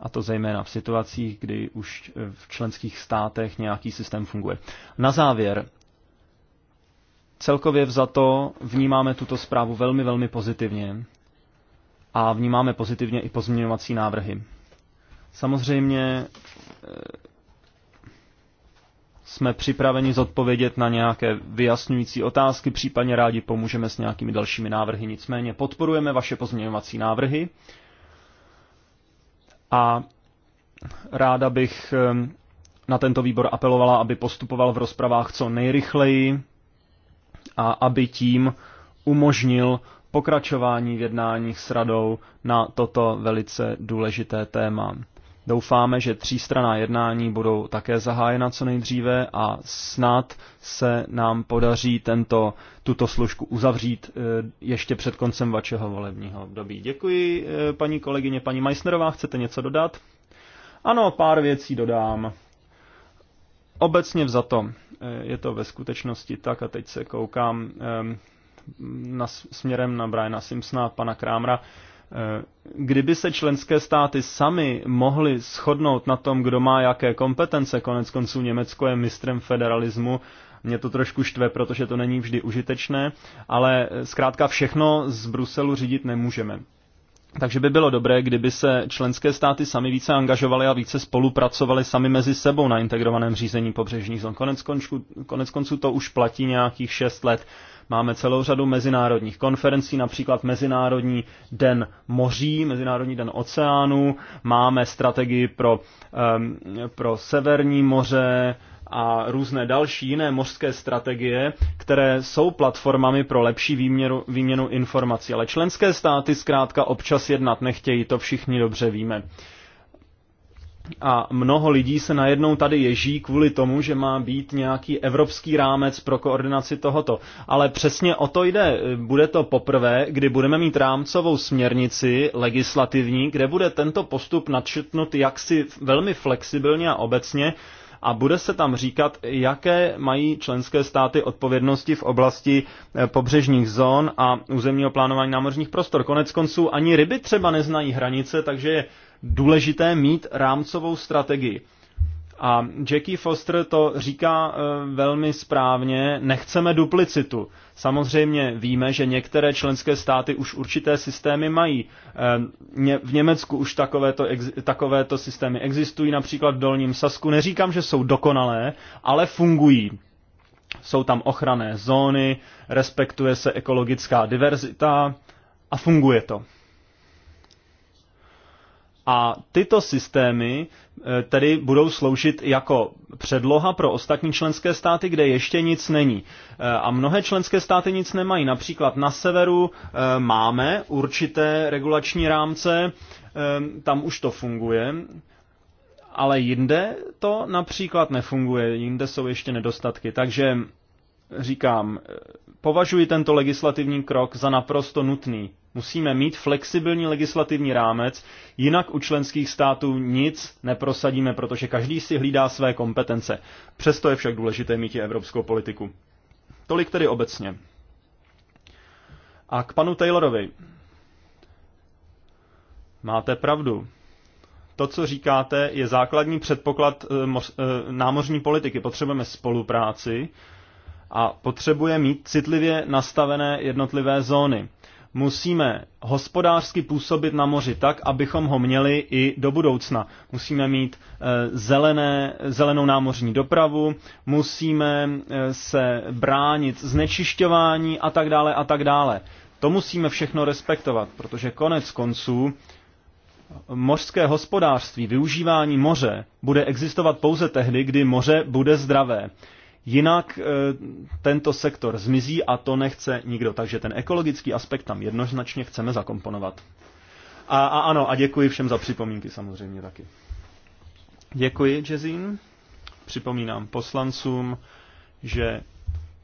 A to zejména v situacích, kdy už eh, v členských státech nějaký systém funguje. Na závěr, celkově vzato vnímáme tuto zprávu velmi, velmi pozitivně a vnímáme pozitivně i pozměňovací návrhy. Samozřejmě eh, jsme připraveni zodpovědět na nějaké vyjasňující otázky, případně rádi pomůžeme s nějakými dalšími návrhy. Nicméně podporujeme vaše pozměňovací návrhy a ráda bych eh, na tento výbor apelovala, aby postupoval v rozpravách co nejrychleji a aby tím umožnil pokračování v jednáních s radou na toto velice důležité téma. Doufáme, že třístraná jednání budou také zahájena co nejdříve a snad se nám podaří tento, tuto služku uzavřít eh, ještě před koncem vašeho volebního období. Děkuji, eh, paní kolegyně, paní Meissnerová, chcete něco dodat? Ano, pár věcí dodám. Obecně vzato eh, je to ve skutečnosti tak, a teď se koukám na, směrem na Briana Simpsona a pana Krámra, Eh, kdyby se členské státy sami mohly shodnout na tom, kdo má jaké kompetence, konec konců Německo je mistrem federalismu, mě to trošku štve, protože to není vždy užitečné, ale eh, zkrátka všechno z Bruselu řídit nemůžeme. Takže by bylo dobré, kdyby se členské státy sami více angažovaly a více spolupracovaly sami mezi sebou na integrovaném řízení pobřežních zón. Konec, konec konců to už platí nějakých šest let. Máme celou řadu mezinárodních konferencí, například Mezinárodní den moří, Mezinárodní den oceánu. máme strategii pro, um, pro Severní moře, a různé další jiné mořské strategie, které jsou platformami pro lepší výměru, výměnu informací. Ale členské státy zkrátka občas jednat nechtějí, to všichni dobře víme a mnoho lidí se najednou tady ježí kvůli tomu, že má být nějaký evropský rámec pro koordinaci tohoto. Ale přesně o to jde. Bude to poprvé, kdy budeme mít rámcovou směrnici legislativní, kde bude tento postup nadšetnut jaksi velmi flexibilně a obecně a bude se tam říkat, jaké mají členské státy odpovědnosti v oblasti eh, pobřežních zón a územního plánování námořních prostor. Konec konců ani ryby třeba neznají hranice, takže je důležité mít rámcovou strategii. A Jackie Foster to říká e, velmi správně, nechceme duplicitu. Samozřejmě víme, že některé členské státy už určité systémy mají. E, v Německu už takovéto, takovéto systémy existují, například v Dolním Sasku. Neříkám, že jsou dokonalé, ale fungují. Jsou tam ochranné zóny, respektuje se ekologická diverzita a funguje to. A tyto systémy eh, tedy budou sloužit jako předloha pro ostatní členské státy, kde ještě nic není. Eh, a mnohé členské státy nic nemají. Například na severu eh, máme určité regulační rámce, tam už to funguje, ale jinde to například nefunguje, jinde jsou ještě nedostatky. Takže říkám, považuji tento legislativní krok za naprosto nutný. Musíme mít flexibilní legislativní rámec, jinak u členských států nic neprosadíme, protože každý si hlídá své kompetence. Přesto je však důležité mít i evropskou politiku. Tolik tedy obecně. A k panu Taylorovi. Máte pravdu. To, co říkáte, je základní předpoklad eh, eh, námořní politiky. Potřebujeme spolupráci a potřebuje mít citlivě nastavené jednotlivé zóny musíme hospodářsky působit na moři tak, abychom ho měli i do budoucna. Musíme mít e, zelené, zelenou námořní dopravu, musíme e, se bránit znečišťování a tak dále a tak dále. To musíme všechno respektovat, protože konec konců mořské hospodářství, využívání moře bude existovat pouze tehdy, kdy moře bude zdravé. Jinak eh, tento sektor zmizí a to nechce nikdo, takže ten ekologický aspekt tam jednoznačně chceme zakomponovat. A, a ano, a děkuji všem za připomínky samozřejmě taky. Děkuji, Jezín. Připomínám poslancům, že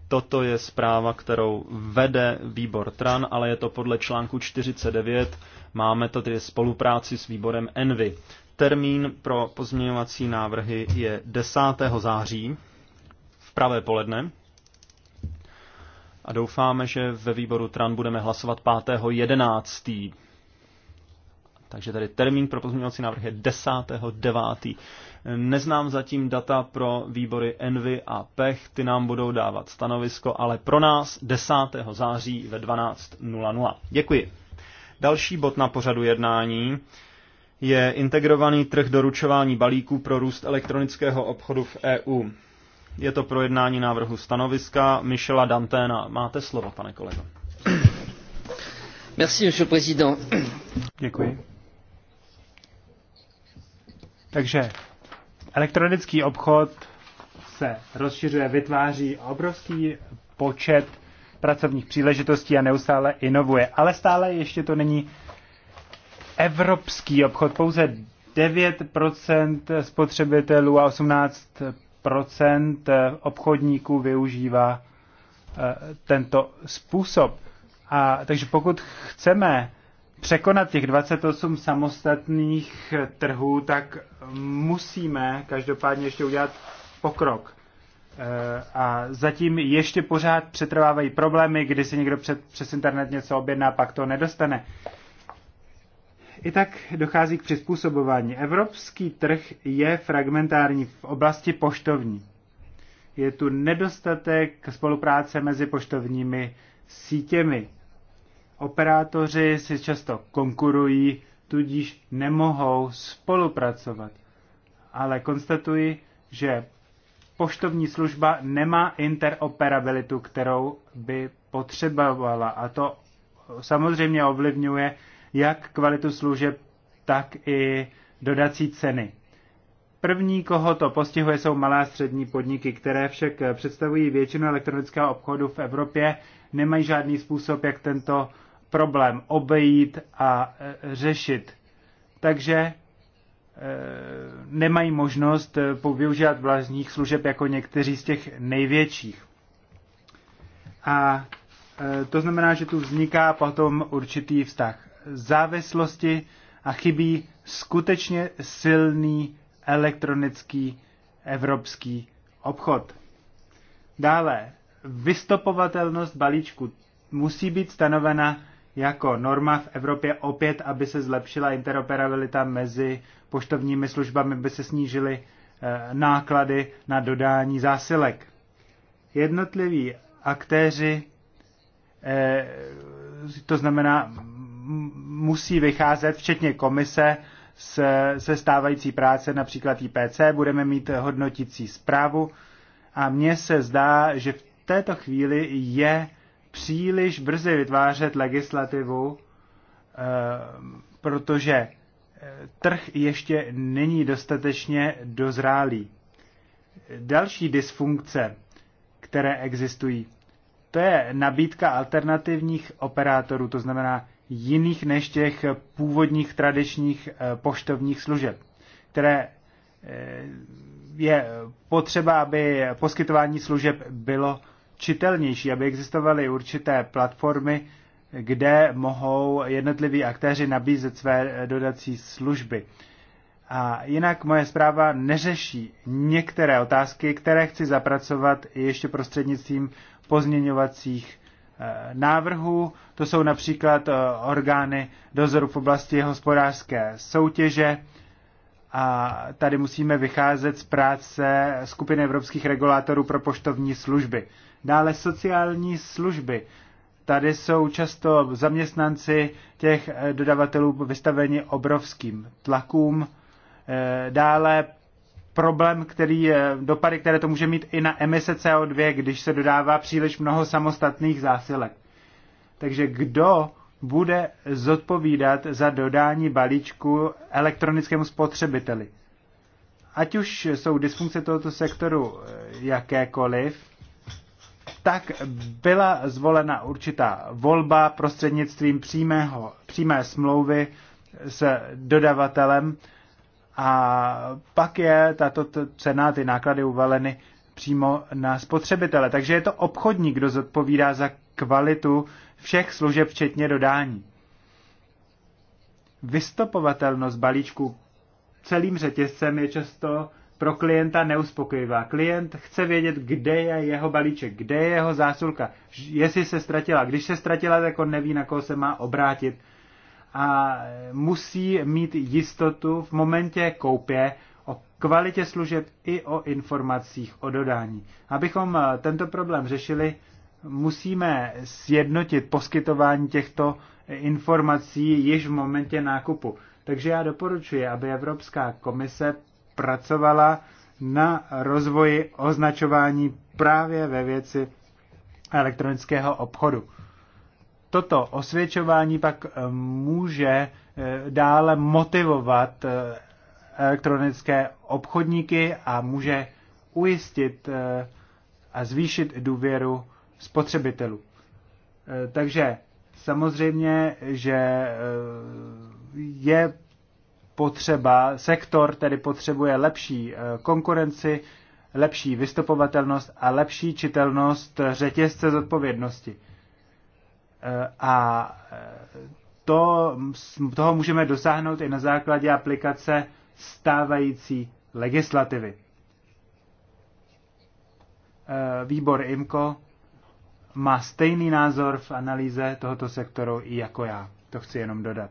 toto je zpráva, kterou vede výbor TRAN, ale je to podle článku 49. Máme to tedy spolupráci s výborem ENVY. Termín pro pozměňovací návrhy je 10. září pravé poledne a doufáme, že ve výboru TRAN budeme hlasovat 5.11. Takže tady termín pro pozměňovací návrh je 10.9. Neznám zatím data pro výbory Envy a Pech, ty nám budou dávat stanovisko, ale pro nás 10. září ve 12.00. Děkuji. Další bod na pořadu jednání je integrovaný trh doručování balíků pro růst elektronického obchodu v EU. Je to projednání návrhu stanoviska Michela Danténa. Máte slovo, pane kolego. Merci, monsieur président. Děkuji. Takže elektronický obchod se rozšiřuje, vytváří obrovský počet pracovních příležitostí a neustále inovuje. Ale stále ještě to není evropský obchod. Pouze 9% spotřebitelů a Procent eh, obchodníků využívá eh, tento způsob. A, takže pokud chceme překonat těch 28 samostatných eh, trhů, tak musíme každopádně ještě udělat pokrok. A zatím ještě pořád přetrvávají problémy, kdy se někdo před, přes internet něco objedná, pak to nedostane. I tak dochází k přizpůsobování. Evropský trh je fragmentární v oblasti poštovní. Je tu nedostatek spolupráce mezi poštovními sítěmi. Operátoři si často konkurují, tudíž nemohou spolupracovat. Ale konstatuji, že poštovní služba nemá interoperabilitu, kterou by potřebovala. A to samozřejmě ovlivňuje jak kvalitu služeb, tak i dodací ceny. První, koho to postihuje, jsou malé a střední podniky, které však představují většinu elektronického obchodu v Evropě, nemají žádný způsob, jak tento problém obejít a e, řešit. Takže e, nemají možnost e, využívat vlastních služeb jako někteří z těch největších. A to znamená, že tu vzniká potom určitý vztah závislosti a chybí skutečně silný elektronický evropský obchod. Dále, vystopovatelnost balíčku musí být stanovena jako norma v Evropě opět, aby se zlepšila interoperabilita mezi poštovními službami, aby se snížily eh, náklady na dodání zásilek. Jednotliví aktéři, eh, to znamená musí vycházet, včetně komise, se stávající práce, například IPC, budeme mít hodnotící zprávu a mně se zdá, že v této chvíli je příliš brzy vytvářet legislativu, eh, protože eh, trh ještě není dostatečně dozrálý. Další dysfunkce, které existují, to je nabídka alternativních operátorů, to znamená jiných než těch původních tradičních eh, poštovních služeb, které eh, je potřeba, aby poskytování služeb bylo čitelnější, aby existovaly určité platformy, kde mohou jednotliví aktéři nabízet své eh, dodací služby. A jinak moje zpráva neřeší některé otázky, které chci zapracovat ještě prostřednictvím pozměňovacích Eh, návrhu. To jsou například eh, orgány dozoru v oblasti hospodářské soutěže. A tady musíme vycházet z práce skupiny evropských regulátorů pro poštovní služby. Dále sociální služby. Tady jsou často zaměstnanci těch eh, dodavatelů vystaveni obrovským tlakům. Dále problém, který je, eh, dopady, které to může mít i na emise CO2, když se dodává příliš mnoho samostatných zásilek. Takže kdo bude zodpovídat za dodání balíčku elektronickému spotřebiteli? Ať už jsou dysfunkce tohoto sektoru eh, jakékoliv, tak byla zvolena určitá volba prostřednictvím přímého, přímé smlouvy s dodavatelem, a pak je tato cena, ty náklady uvaleny přímo na spotřebitele. Takže je to obchodník, kdo zodpovídá za kvalitu všech služeb, včetně dodání. Vystopovatelnost balíčku celým řetězcem je často pro klienta neuspokojivá. Klient chce vědět, kde je jeho balíček, kde je jeho zásilka, jestli se ztratila. Když se ztratila, tak on neví, na koho se má obrátit a musí mít jistotu v momentě koupě o kvalitě služeb i o informacích o dodání. Abychom eh, tento problém řešili, musíme sjednotit poskytování těchto eh, informací již v momentě nákupu. Takže já doporučuji, aby Evropská komise pracovala na rozvoji označování právě ve věci elektronického obchodu toto osvědčování pak eh, může eh, dále motivovat eh, elektronické obchodníky a může ujistit a zvýšit důvěru spotřebitelů. Takže samozřejmě, že je potřeba, sektor tedy potřebuje lepší konkurenci, lepší vystupovatelnost a lepší čitelnost řetězce zodpovědnosti. Eh, a eh, to, toho můžeme dosáhnout i na základě aplikace stávající legislativy. Eh, výbor IMCO má stejný názor v analýze tohoto sektoru i jako já. To chci jenom dodat.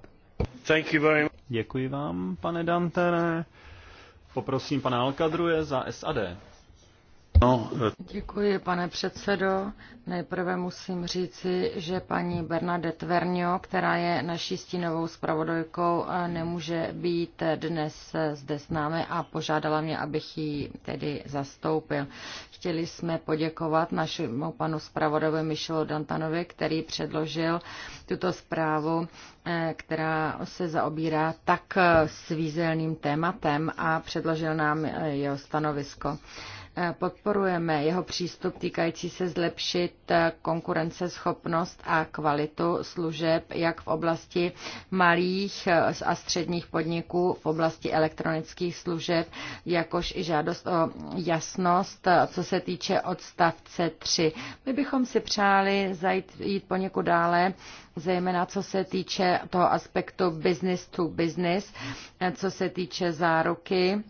Thank you very much. Děkuji vám, pane Dantere. Poprosím pana Alkadruje za SAD pane předsedající Nejprve musím říci, že paní Bernadette vergnaud která je naší stínovou zpravodajkou, eh, nemůže být dnes eh, zde s námi a požádala mě, abych ji tedy zastoupil. Chtěli jsme poděkovat našemu panu zpravodovi Michelu Dantanovi, který předložil tuto zprávu, eh, která se zaobírá tak svízelným tématem a předložil nám jeho stanovisko. Eh, podporujeme jeho přístup týkající se zlepšit eh, konkurenceschopnost a kvalitu služeb jak v oblasti malých eh, a středních podniků, v oblasti elektronických služeb, jakož i žádost o jasnost, co se týče odstavce 3. My bychom si přáli zajít, jít poněkud dále, zejména co se týče toho aspektu business to business, co se týče záruky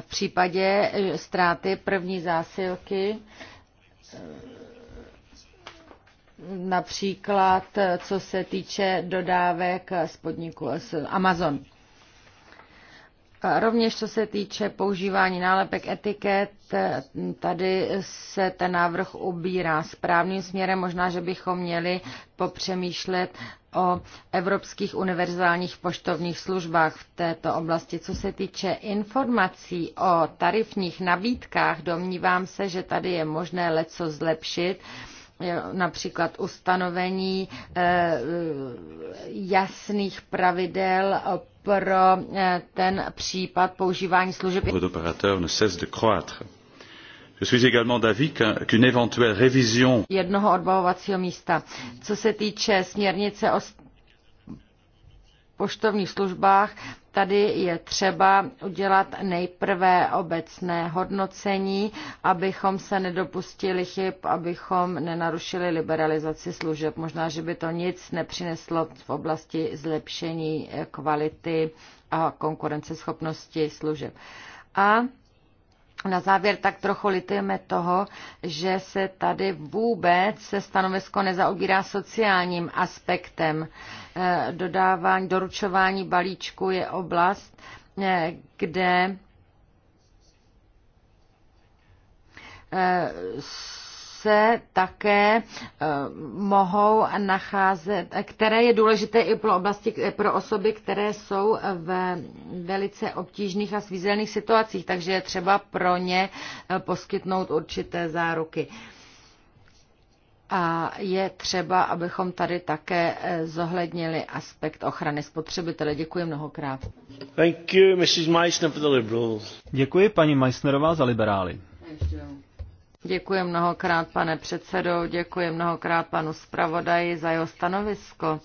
v případě eh, ztráty první zásilky eh, například eh, co se týče dodávek z podniku Amazon. rovněž co se týče používání nálepek etiket, tady se ten návrh ubírá správným směrem. Možná, že bychom měli popřemýšlet o evropských univerzálních poštovních službách v této oblasti. Co se týče informací o tarifních nabídkách, domnívám se, že tady je možné leco zlepšit například ustanovení eh, jasných pravidel pro eh, ten případ používání služeb. Je suis également d'avis qu'une éventuelle révision jednoho odbavovacího místa. Co se týče směrnice o poštovních službách, tady je třeba udělat nejprve obecné hodnocení, abychom se nedopustili chyb, abychom nenarušili liberalizaci služeb. Možná, že by to nic nepřineslo v oblasti zlepšení kvality a konkurenceschopnosti služeb. A na závěr tak trochu litujeme toho, že se tady vůbec se stanovisko nezaobírá sociálním aspektem. E, dodávání, doručování balíčku je oblast, e, kde e, se také eh, mohou nacházet, které je důležité i pro oblasti, pro osoby, které jsou v velice obtížných a svízelných situacích, takže je třeba pro ně eh, poskytnout určité záruky. A je třeba, abychom tady také eh, zohlednili aspekt ochrany spotřebitele. Děkuji mnohokrát. Thank you, Mrs. Meissner for the liberals. Děkuji paní Meissnerová za liberály. Ještě. Děkuji mnohokrát, pane předsedo, děkuji mnohokrát panu zpravodaji za jeho stanovisko.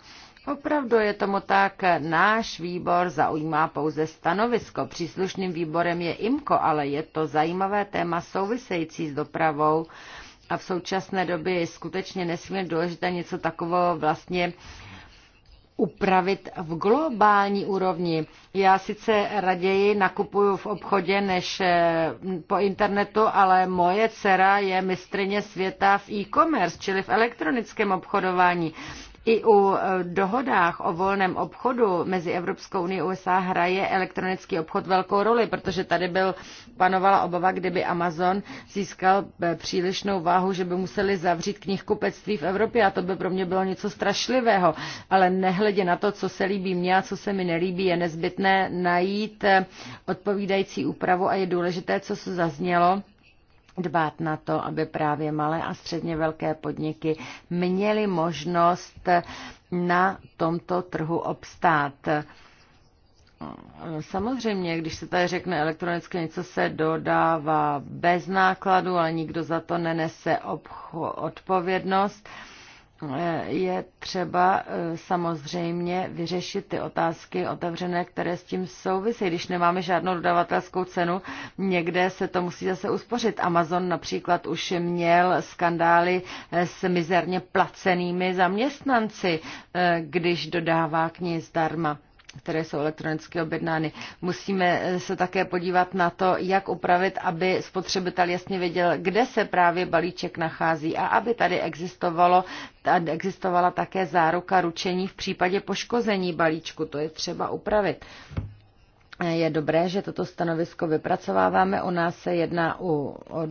Opravdu je tomu tak, náš výbor zaujímá pouze stanovisko. Příslušným výborem je IMKO, ale je to zajímavé téma související s dopravou a v současné době je skutečně nesmírně důležité něco takového vlastně upravit v globální úrovni. Já sice raději nakupuju v obchodě než eh, po internetu, ale moje dcera je mistrně světa v e-commerce, čili v elektronickém obchodování. I u eh, dohodách o volném obchodu mezi Evropskou unii a USA hraje elektronický obchod velkou roli, protože tady byl panovala obava, kdyby Amazon získal eh, přílišnou váhu, že by museli zavřít knihkupectví v Evropě a to by pro mě bylo něco strašlivého. Ale nehledě na to, co se líbí mně a co se mi nelíbí, je nezbytné najít eh, odpovídající úpravu a je důležité, co se zaznělo dbát na to, aby právě malé a středně velké podniky měly možnost na tomto trhu obstát. Samozřejmě, když se tady řekne elektronicky, něco se dodává bez nákladu, ale nikdo za to nenese odpovědnost je třeba e, samozřejmě vyřešit ty otázky otevřené, které s tím souvisí. Když nemáme žádnou dodavatelskou cenu, někde se to musí zase uspořit. Amazon například už měl skandály e, s mizerně placenými zaměstnanci, e, když dodává knihy zdarma které jsou elektronicky objednány. Musíme eh, se také podívat na to, jak upravit, aby spotřebitel jasně věděl, kde se právě balíček nachází a aby tady existovalo, existovala také záruka ručení v případě poškození balíčku. To je třeba upravit. Eh, je dobré, že toto stanovisko vypracováváme. U nás se jedná u, o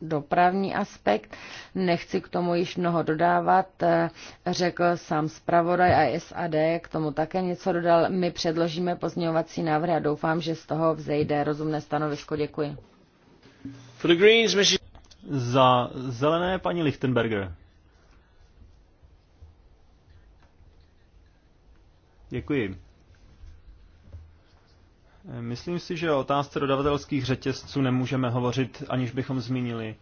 dopravní aspekt. Nechci k tomu již mnoho dodávat. Eh, řekl sám zpravodaj a SAD, k tomu také něco dodal. My předložíme pozměňovací návrhy a doufám, že z toho vzejde rozumné stanovisko. Děkuji. For the Greens, Za zelené paní Lichtenberger. Děkuji. Myslím si, že o otázce dodavatelských řetězců nemůžeme hovořit, aniž bychom zmínili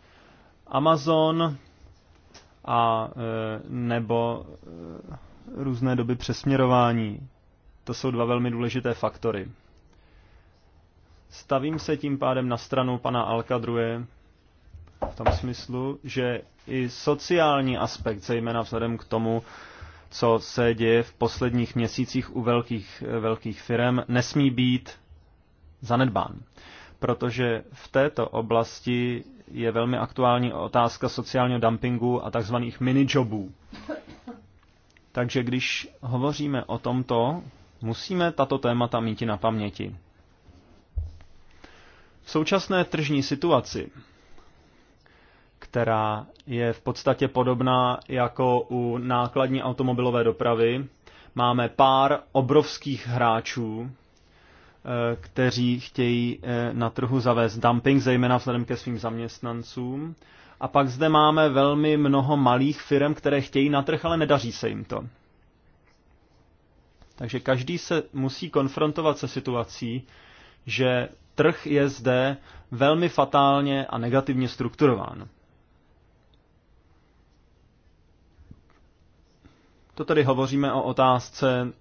Amazon a e, nebo e, různé doby přesměrování. To jsou dva velmi důležité faktory. Stavím se tím pádem na stranu pana Alkadruje v tom smyslu, že i sociální aspekt, zejména vzhledem k tomu, co se děje v posledních měsících u velkých, velkých firm, nesmí být zanedbán. Protože v této oblasti je velmi aktuální otázka sociálního dumpingu a tzv. minijobů. Takže když hovoříme o tomto, musíme tato témata mít na paměti. V současné tržní situaci, která je v podstatě podobná jako u nákladní automobilové dopravy, máme pár obrovských hráčů, Eh, kteří chtějí eh, na trhu zavést dumping, zejména vzhledem ke svým zaměstnancům. A pak zde máme velmi mnoho malých firm, které chtějí na trh, ale nedaří se jim to. Takže každý se musí konfrontovat se situací, že trh je zde velmi fatálně a negativně strukturován. To tady hovoříme o otázce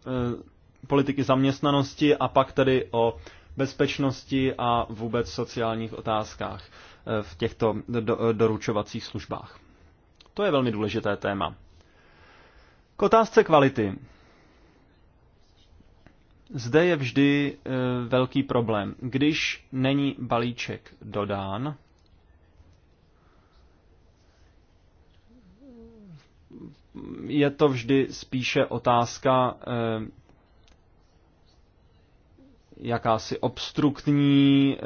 eh, politiky zaměstnanosti a pak tedy o bezpečnosti a vůbec sociálních otázkách eh, v těchto doručovacích službách. To je velmi důležité téma. K otázce kvality. Zde je vždy eh, velký problém. Když není balíček dodán, je to vždy spíše otázka eh, jakási obstruktní, eh,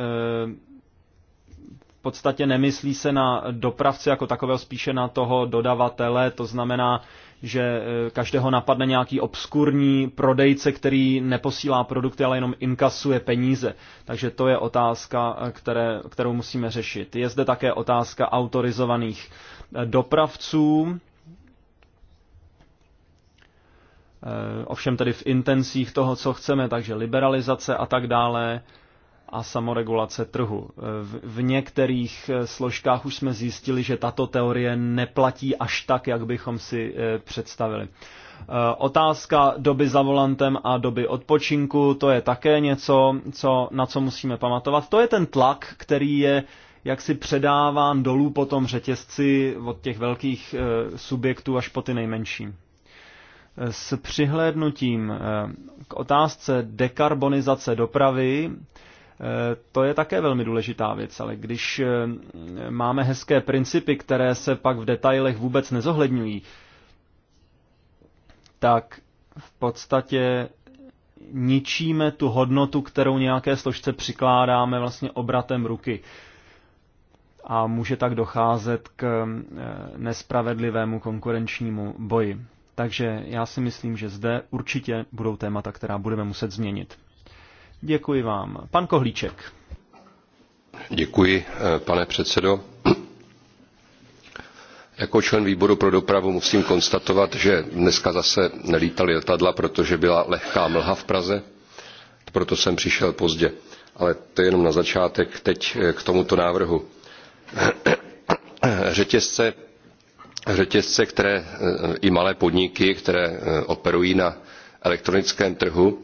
v podstatě nemyslí se na dopravce jako takového, spíše na toho dodavatele, to znamená, že eh, každého napadne nějaký obskurní prodejce, který neposílá produkty, ale jenom inkasuje peníze. Takže to je otázka, eh, které, kterou musíme řešit. Je zde také otázka autorizovaných dopravců, Eh, ovšem tedy v intencích toho, co chceme, takže liberalizace a tak dále a samoregulace trhu. Eh, v některých eh, složkách už jsme zjistili, že tato teorie neplatí až tak, jak bychom si představili. Otázka doby za volantem a doby odpočinku, to je také něco, co, na co musíme pamatovat. To je ten tlak, který je jaksi předáván dolů po tom řetězci od těch velkých subjektů až po ty nejmenší. S přihlédnutím eh, k otázce dekarbonizace dopravy, eh, to je také velmi důležitá věc, ale když eh, máme hezké principy, které se pak v detailech vůbec nezohledňují, tak v podstatě ničíme tu hodnotu, kterou nějaké složce přikládáme vlastně obratem ruky. A může tak docházet k nespravedlivému konkurenčnímu boji. Takže já si myslím, že zde určitě budou témata, která budeme muset změnit. Děkuji vám. Pan Kohlíček. Děkuji, eh, pane předsedo. Jako člen výboru pro dopravu musím konstatovat, že dneska zase nelítali letadla, protože byla lehká mlha v Praze, proto jsem přišel pozdě. Ale to je jenom na začátek teď eh, k tomuto návrhu. Řetězce řetězce, které e, i malé podniky, které e, operují na elektronickém trhu,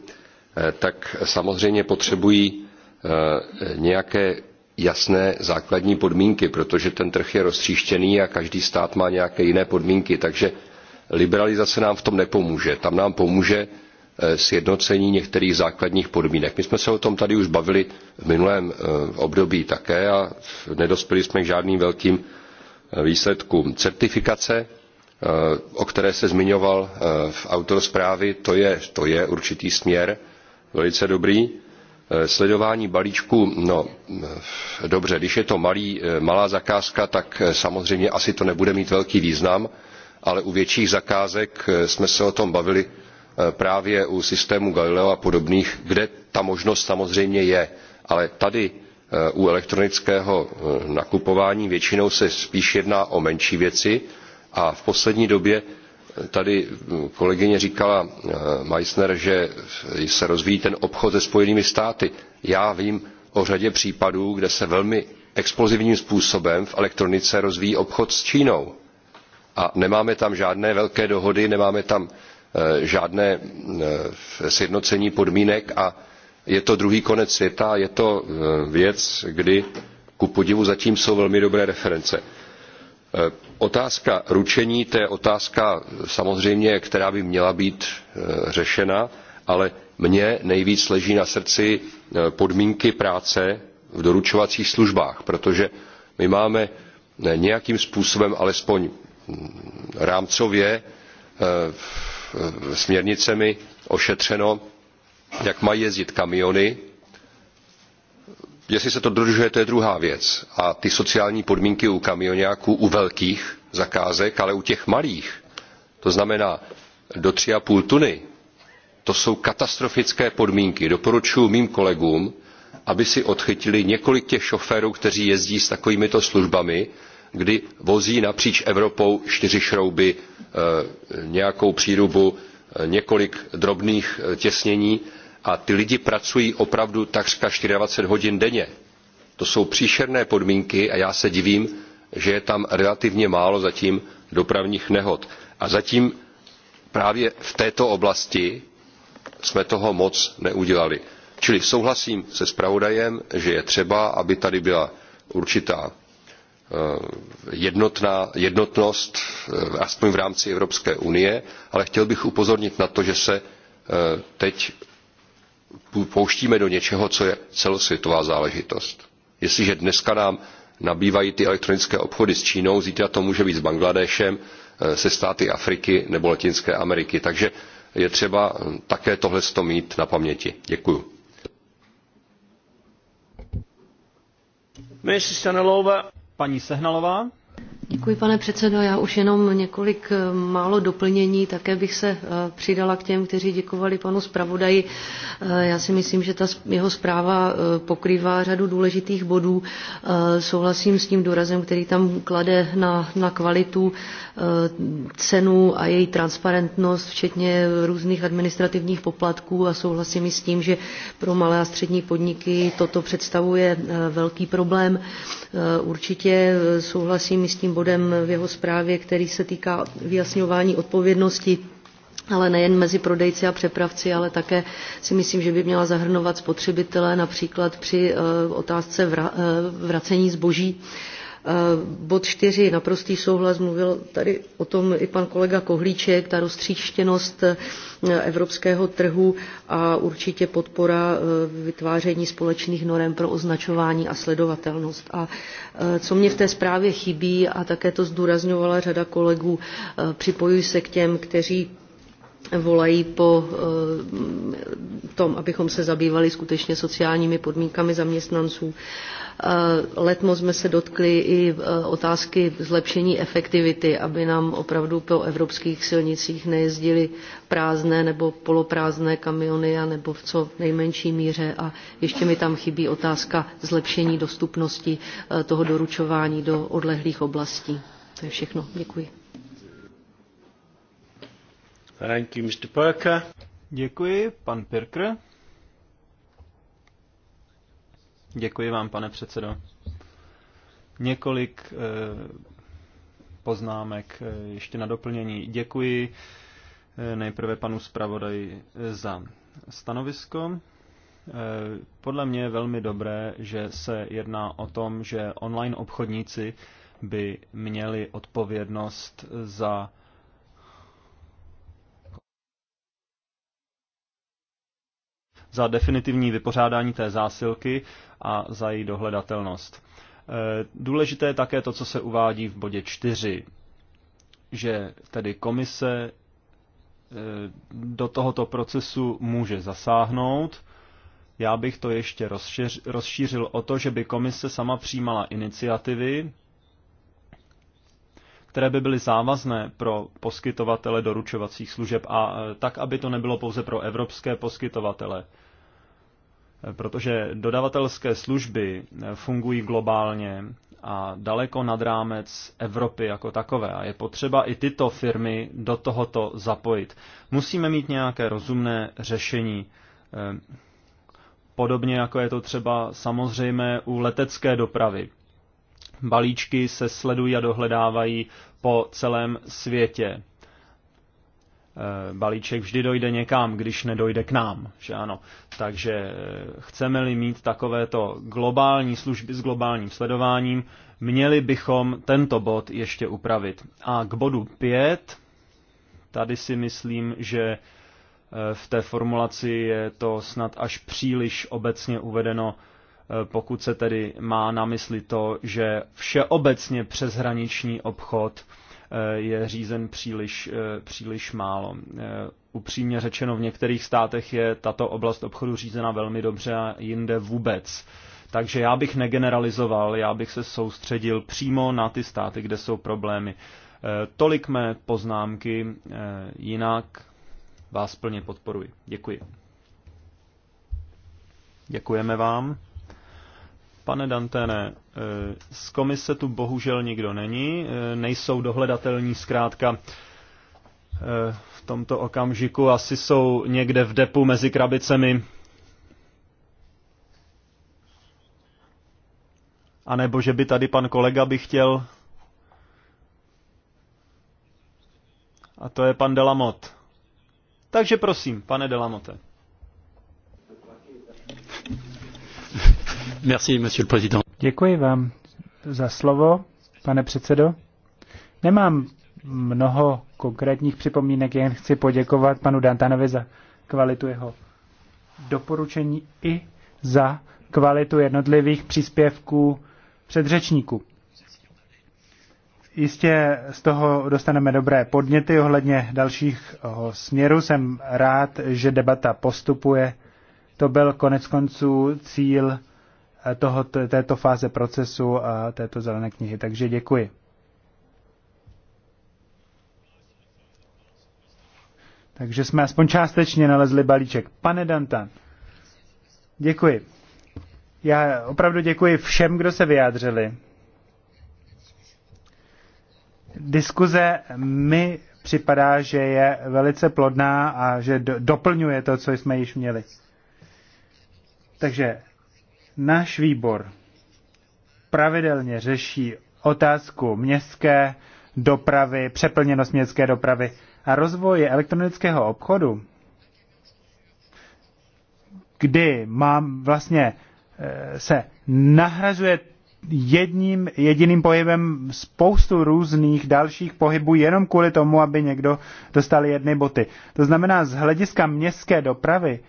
e, tak samozřejmě potřebují nějaké jasné základní podmínky, protože ten trh je roztříštěný a každý stát má nějaké jiné podmínky, takže liberalizace nám v tom nepomůže. Tam nám pomůže sjednocení některých základních podmínek. My jsme se o tom tady už bavili v minulém období také a nedospěli jsme k žádným velkým výsledkům certifikace, eh, o které se zmiňoval eh, autor zprávy, to je, to je určitý směr, velice dobrý. Eh, sledování balíčku, no dobře, když je to malý, malá zakázka, tak samozřejmě asi to nebude mít velký význam, ale u větších zakázek jsme se o tom bavili právě u systému Galileo a podobných, kde ta možnost samozřejmě je. Ale tady Eh, u elektronického eh, nakupování většinou se spíš jedná o menší věci a v poslední době eh, tady mm, kolegyně říkala Meissner, že se rozvíjí ten obchod se Spojenými státy. Já vím o řadě případů, kde se velmi explozivním způsobem v elektronice rozvíjí obchod s Čínou. A nemáme tam žádné velké dohody, nemáme tam žádné mm, sjednocení podmínek a je to druhý konec světa, je to eh, věc, kdy ku podivu zatím jsou velmi dobré reference. Eh, otázka ručení, to je otázka samozřejmě, která by měla být eh, řešena, ale mně nejvíc leží na srdci podmínky práce v doručovacích službách, protože my máme nějakým způsobem, alespoň hm, rámcově, směrnicemi ošetřeno jak mají jezdit kamiony. Jestli se to dodržuje, to je druhá věc. A ty sociální podmínky u kamionáků, u velkých zakázek, ale u těch malých, to znamená do 3,5 tuny, to jsou katastrofické podmínky. Doporučuji mým kolegům, aby si odchytili několik těch šoférů, kteří jezdí s takovýmito službami, kdy vozí napříč Evropou čtyři šrouby, eh, nějakou přírubu, eh, několik drobných eh, těsnění a ty lidi pracují opravdu takřka 24 hodin denně. To jsou příšerné podmínky a já se divím, že je tam relativně málo zatím dopravních nehod. A zatím právě v této oblasti jsme toho moc neudělali. Čili souhlasím se zpravodajem, že je třeba, aby tady byla určitá eh, jednotná, jednotnost, eh, aspoň v rámci Evropské unie, ale chtěl bych upozornit na to, že se eh, teď pouštíme do něčeho, co je celosvětová záležitost. Jestliže dneska nám nabývají ty elektronické obchody s Čínou, zítra to může být s Bangladešem, eh, se státy Afriky nebo Latinské Ameriky. Takže je třeba hm, také tohle mít na paměti. Děkuju. Paní Sehnalová. Děkuji, pane předsedo. Já už jenom několik eh, málo doplnění. Také bych se eh, přidala k těm, kteří děkovali panu zpravodaji. Eh, já si myslím, že ta jeho zpráva pokrývá řadu důležitých bodů. Souhlasím s tím důrazem, který tam klade na, na kvalitu, cenu a její transparentnost, včetně různých administrativních poplatků a souhlasím i s tím, že pro malé a střední podniky toto představuje velký problém. Určitě souhlasím i s tím bodem v jeho zprávě, který se týká vyjasňování odpovědnosti ale nejen mezi prodejci a přepravci, ale také si myslím, že by měla zahrnovat spotřebitele například při eh, otázce eh, vracení zboží Bod čtyři, naprostý souhlas, mluvil tady o tom i pan kolega Kohlíček, ta roztříštěnost eh, evropského trhu a určitě podpora eh, vytváření společných norem pro označování a sledovatelnost. A eh, co mě v té zprávě chybí, a také to zdůrazňovala řada kolegů, připojuji se k těm, kteří volají po eh, tom, abychom se zabývali skutečně sociálními podmínkami zaměstnanců. Eh, letmo jsme se dotkli i eh, otázky zlepšení efektivity, aby nám opravdu po evropských silnicích nejezdily prázdné nebo poloprázdné kamiony a nebo v co nejmenší míře. A ještě mi tam chybí otázka zlepšení dostupnosti toho doručování do odlehlých oblastí. To je všechno. Děkuji. Thank you, Mr. Perker. Děkuji, pan Pirker. Děkuji vám, pane předsedo. Několik eh, poznámek eh, ještě na doplnění. Děkuji eh, nejprve panu zpravodaji za stanovisko. Podle mě je velmi dobré, že se jedná o tom, že online obchodníci by měli odpovědnost za za definitivní vypořádání té zásilky a za její dohledatelnost. E, důležité je také to, co se uvádí v bodě 4, že tedy komise e, do tohoto procesu může zasáhnout. Já bych to ještě rozšířil o to, že by komise sama přijímala iniciativy, které by byly závazné pro poskytovatele doručovacích služeb a e, tak, aby to nebylo pouze pro evropské poskytovatele protože dodavatelské služby fungují globálně a daleko nad rámec Evropy jako takové. A je potřeba i tyto firmy do tohoto zapojit. Musíme mít nějaké rozumné řešení. Eh, podobně jako je to třeba samozřejmé u letecké dopravy. Balíčky se sledují a dohledávají po celém světě Eh, balíček vždy dojde někam, když nedojde k nám, že ano. Takže eh, chceme-li mít takovéto globální služby s globálním sledováním, měli bychom tento bod ještě upravit. A k bodu 5, tady si myslím, že eh, v té formulaci je to snad až příliš obecně uvedeno, pokud se tedy má na mysli to, že všeobecně přeshraniční obchod Eh, je řízen příliš, eh, příliš málo. Eh, upřímně řečeno, v některých státech je tato oblast obchodu řízena velmi dobře a jinde vůbec. Takže já bych negeneralizoval, já bych se soustředil přímo na ty státy, kde jsou problémy. Tolik mé poznámky, jinak vás plně podporuji. Děkuji. Děkujeme vám. Pane Dantene, eh, z komise tu bohužel nikdo není, eh, nejsou dohledatelní zkrátka eh, v tomto okamžiku, asi jsou někde v depu mezi krabicemi. A nebo že by tady pan kolega by chtěl. A to je pan Delamot. Takže prosím, pane Delamote. Merci, monsieur le président. Děkuji vám za slovo, pane předsedo. Nemám mnoho konkrétních připomínek, jen chci poděkovat panu Dantanovi za kvalitu jeho doporučení i za kvalitu jednotlivých příspěvků předřečníků. Jistě z toho dostaneme dobré podněty ohledně dalších směrů. Jsem rád, že debata postupuje. To byl konec konců cíl toho, této fáze procesu a této zelené knihy. Takže děkuji. Takže jsme aspoň částečně nalezli balíček. Pane Dantan, děkuji. Já opravdu děkuji všem, kdo se vyjádřili. Diskuze mi připadá, že je velice plodná a že doplňuje to, co jsme již měli. Takže Náš výbor pravidelně řeší otázku městské dopravy, přeplněnost městské dopravy a rozvoj elektronického obchodu, kdy mám vlastně eh, se nahrazuje jedním jediným pohybem spoustu různých dalších pohybů jenom kvůli tomu, aby někdo dostal jedny boty. To znamená, z hlediska městské dopravy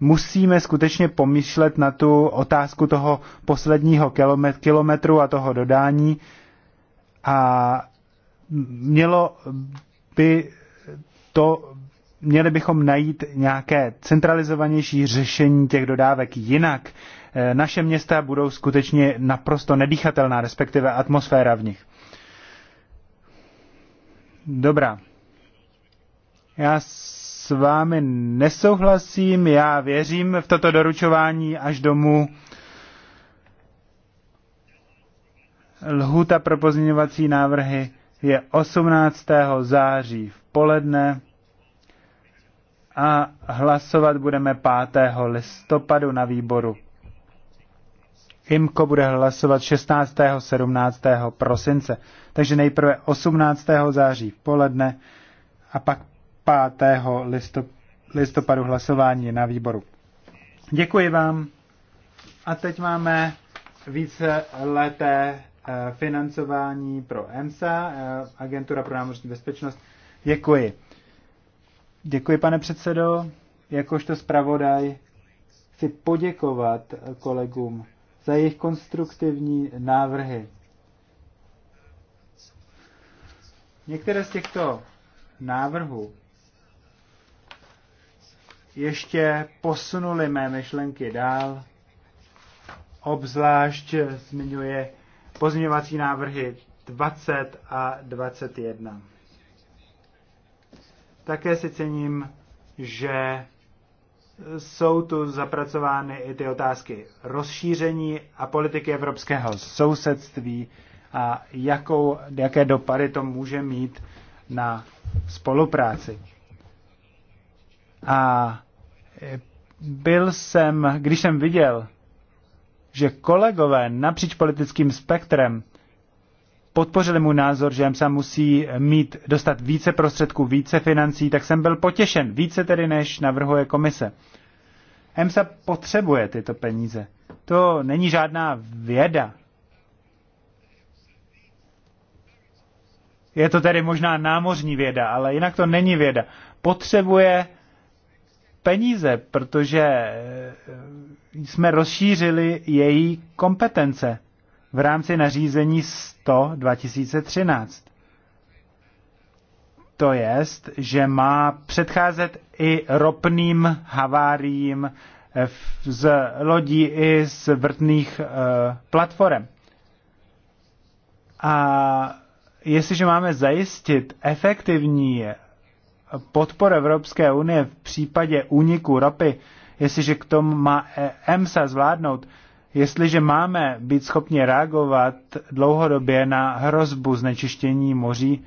musíme skutečně pomyšlet na tu otázku toho posledního kilometru a toho dodání a mělo by to, měli bychom najít nějaké centralizovanější řešení těch dodávek jinak. Eh, naše města budou skutečně naprosto nedýchatelná, respektive atmosféra v nich. Dobrá. Já s vámi nesouhlasím, já věřím v toto doručování až domů. Lhuta pro pozměňovací návrhy je 18. září v poledne a hlasovat budeme 5. listopadu na výboru. IMKO bude hlasovat 16. 17. prosince. Takže nejprve 18. září v poledne a pak 5. listopadu hlasování na výboru. Děkuji vám. A teď máme více leté eh, financování pro EMSA, eh, Agentura pro námořní bezpečnost. Děkuji. Děkuji, pane předsedo. Jakožto zpravodaj chci poděkovat kolegům za jejich konstruktivní návrhy. Některé z těchto návrhů ještě posunuli mé myšlenky dál. Obzvlášť zmiňuje pozměňovací návrhy 20 a 21. Také si cením, že jsou tu zapracovány i ty otázky rozšíření a politiky evropského sousedství a jakou, jaké dopady to může mít na spolupráci. A byl jsem, když jsem viděl, že kolegové napříč politickým spektrem podpořili mu názor, že se musí mít, dostat více prostředků, více financí, tak jsem byl potěšen, více tedy než navrhuje komise. EMSA potřebuje tyto peníze. To není žádná věda. Je to tedy možná námořní věda, ale jinak to není věda. Potřebuje peníze, protože eh, jsme rozšířili její kompetence v rámci nařízení 100 2013. To jest, že má předcházet i ropným haváriím eh, z lodí i z vrtných eh, platform. A jestliže máme zajistit efektivní podpor Evropské unie v případě úniku ropy, jestliže k tomu má EMSA zvládnout, jestliže máme být schopni reagovat dlouhodobě na hrozbu znečištění moří,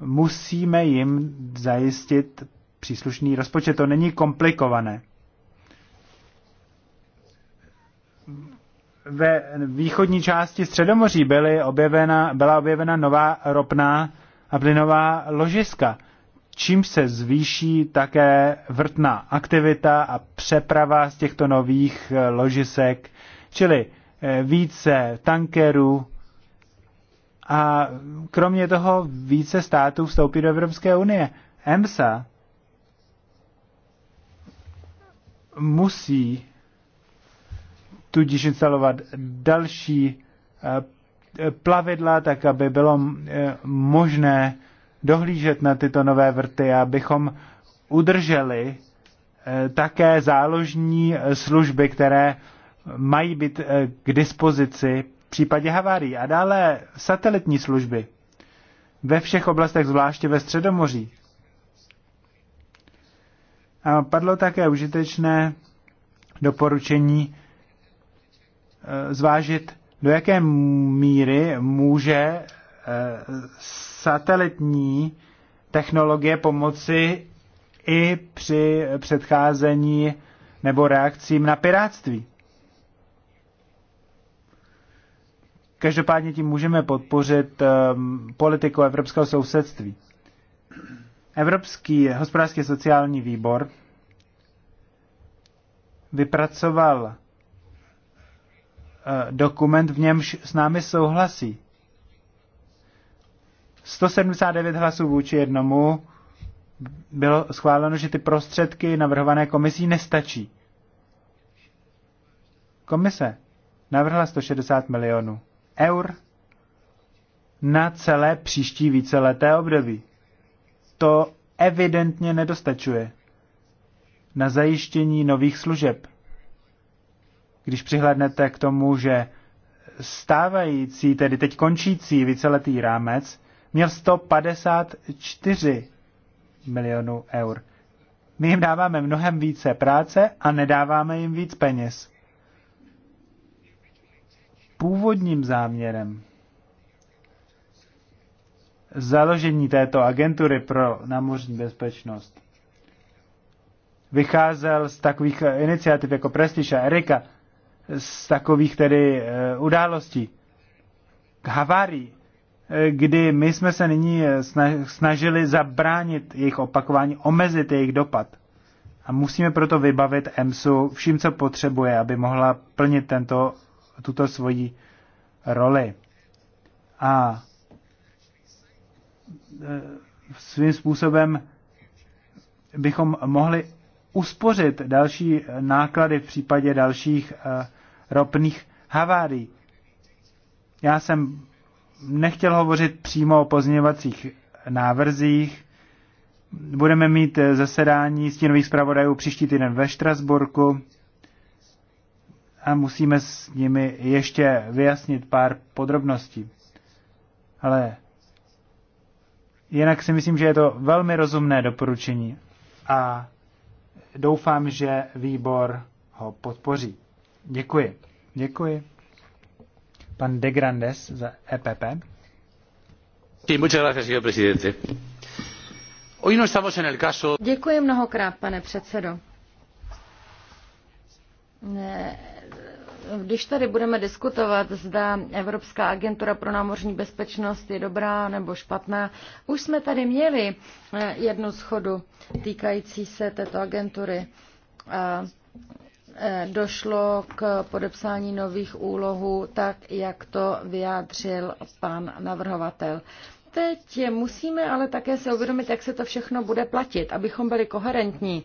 musíme jim zajistit příslušný rozpočet. To není komplikované. Ve východní části Středomoří byly objevena, byla objevena nová ropná a plynová ložiska – čímž se zvýší také vrtná aktivita a přeprava z těchto nových eh, ložisek, čili eh, více tankerů a kromě toho více států vstoupí do Evropské unie. EMSA musí tudíž instalovat další eh, plavidla, tak aby bylo možné dohlížet na tyto nové vrty, abychom udrželi eh, také záložní eh, služby, které mají být eh, k dispozici v případě havárií. A dále satelitní služby ve všech oblastech, zvláště ve Středomoří. A padlo také užitečné doporučení zvážit, do jaké míry může satelitní technologie pomoci i při předcházení nebo reakcím na piráctví. Každopádně tím můžeme podpořit um, politiku evropského sousedství. Evropský hospodářský sociální výbor vypracoval eh, dokument, v němž s námi souhlasí. 179 hlasů vůči jednomu bylo schváleno, že ty prostředky navrhované komisí nestačí. Komise navrhla 160 milionů eur na celé příští víceleté období. To evidentně nedostačuje na zajištění nových služeb. Když přihlednete k tomu, že stávající, tedy teď končící víceletý rámec, měl 154 milionů eur. My jim dáváme mnohem více práce a nedáváme jim víc peněz. Původním záměrem založení této agentury pro námořní bezpečnost vycházel z takových eh, iniciativ jako Prestiž a Erika, z takových tedy eh, událostí, havárií, kdy my jsme se nyní eh, snažili zabránit jejich opakování, omezit jejich dopad. A musíme proto vybavit EMSu vším, co potřebuje, aby mohla plnit tento, tuto svoji roli. A eh, svým způsobem bychom mohli uspořit další eh, náklady v případě dalších ropných havárií. Já jsem nechtěl hovořit přímo o pozměňovacích návrzích. Budeme mít eh, zasedání stínových zpravodajů příští týden ve Štrasburku a musíme s nimi ještě vyjasnit pár podrobností. Ale jinak si myslím, že je to velmi rozumné doporučení a doufám, že výbor ho podpoří. Děkuji. Děkuji. Pan De Grandes za EPP. No Děkuji mnohokrát, pane předsedo. Ne, když tady budeme diskutovat, zda Evropská agentura pro námořní bezpečnost je dobrá nebo špatná, už jsme tady měli eh, jednu schodu týkající se této agentury. A Eh, došlo k podepsání nových úlohů, tak jak to vyjádřil pan navrhovatel. Teď musíme ale také se uvědomit, jak se to všechno bude platit, abychom byli koherentní.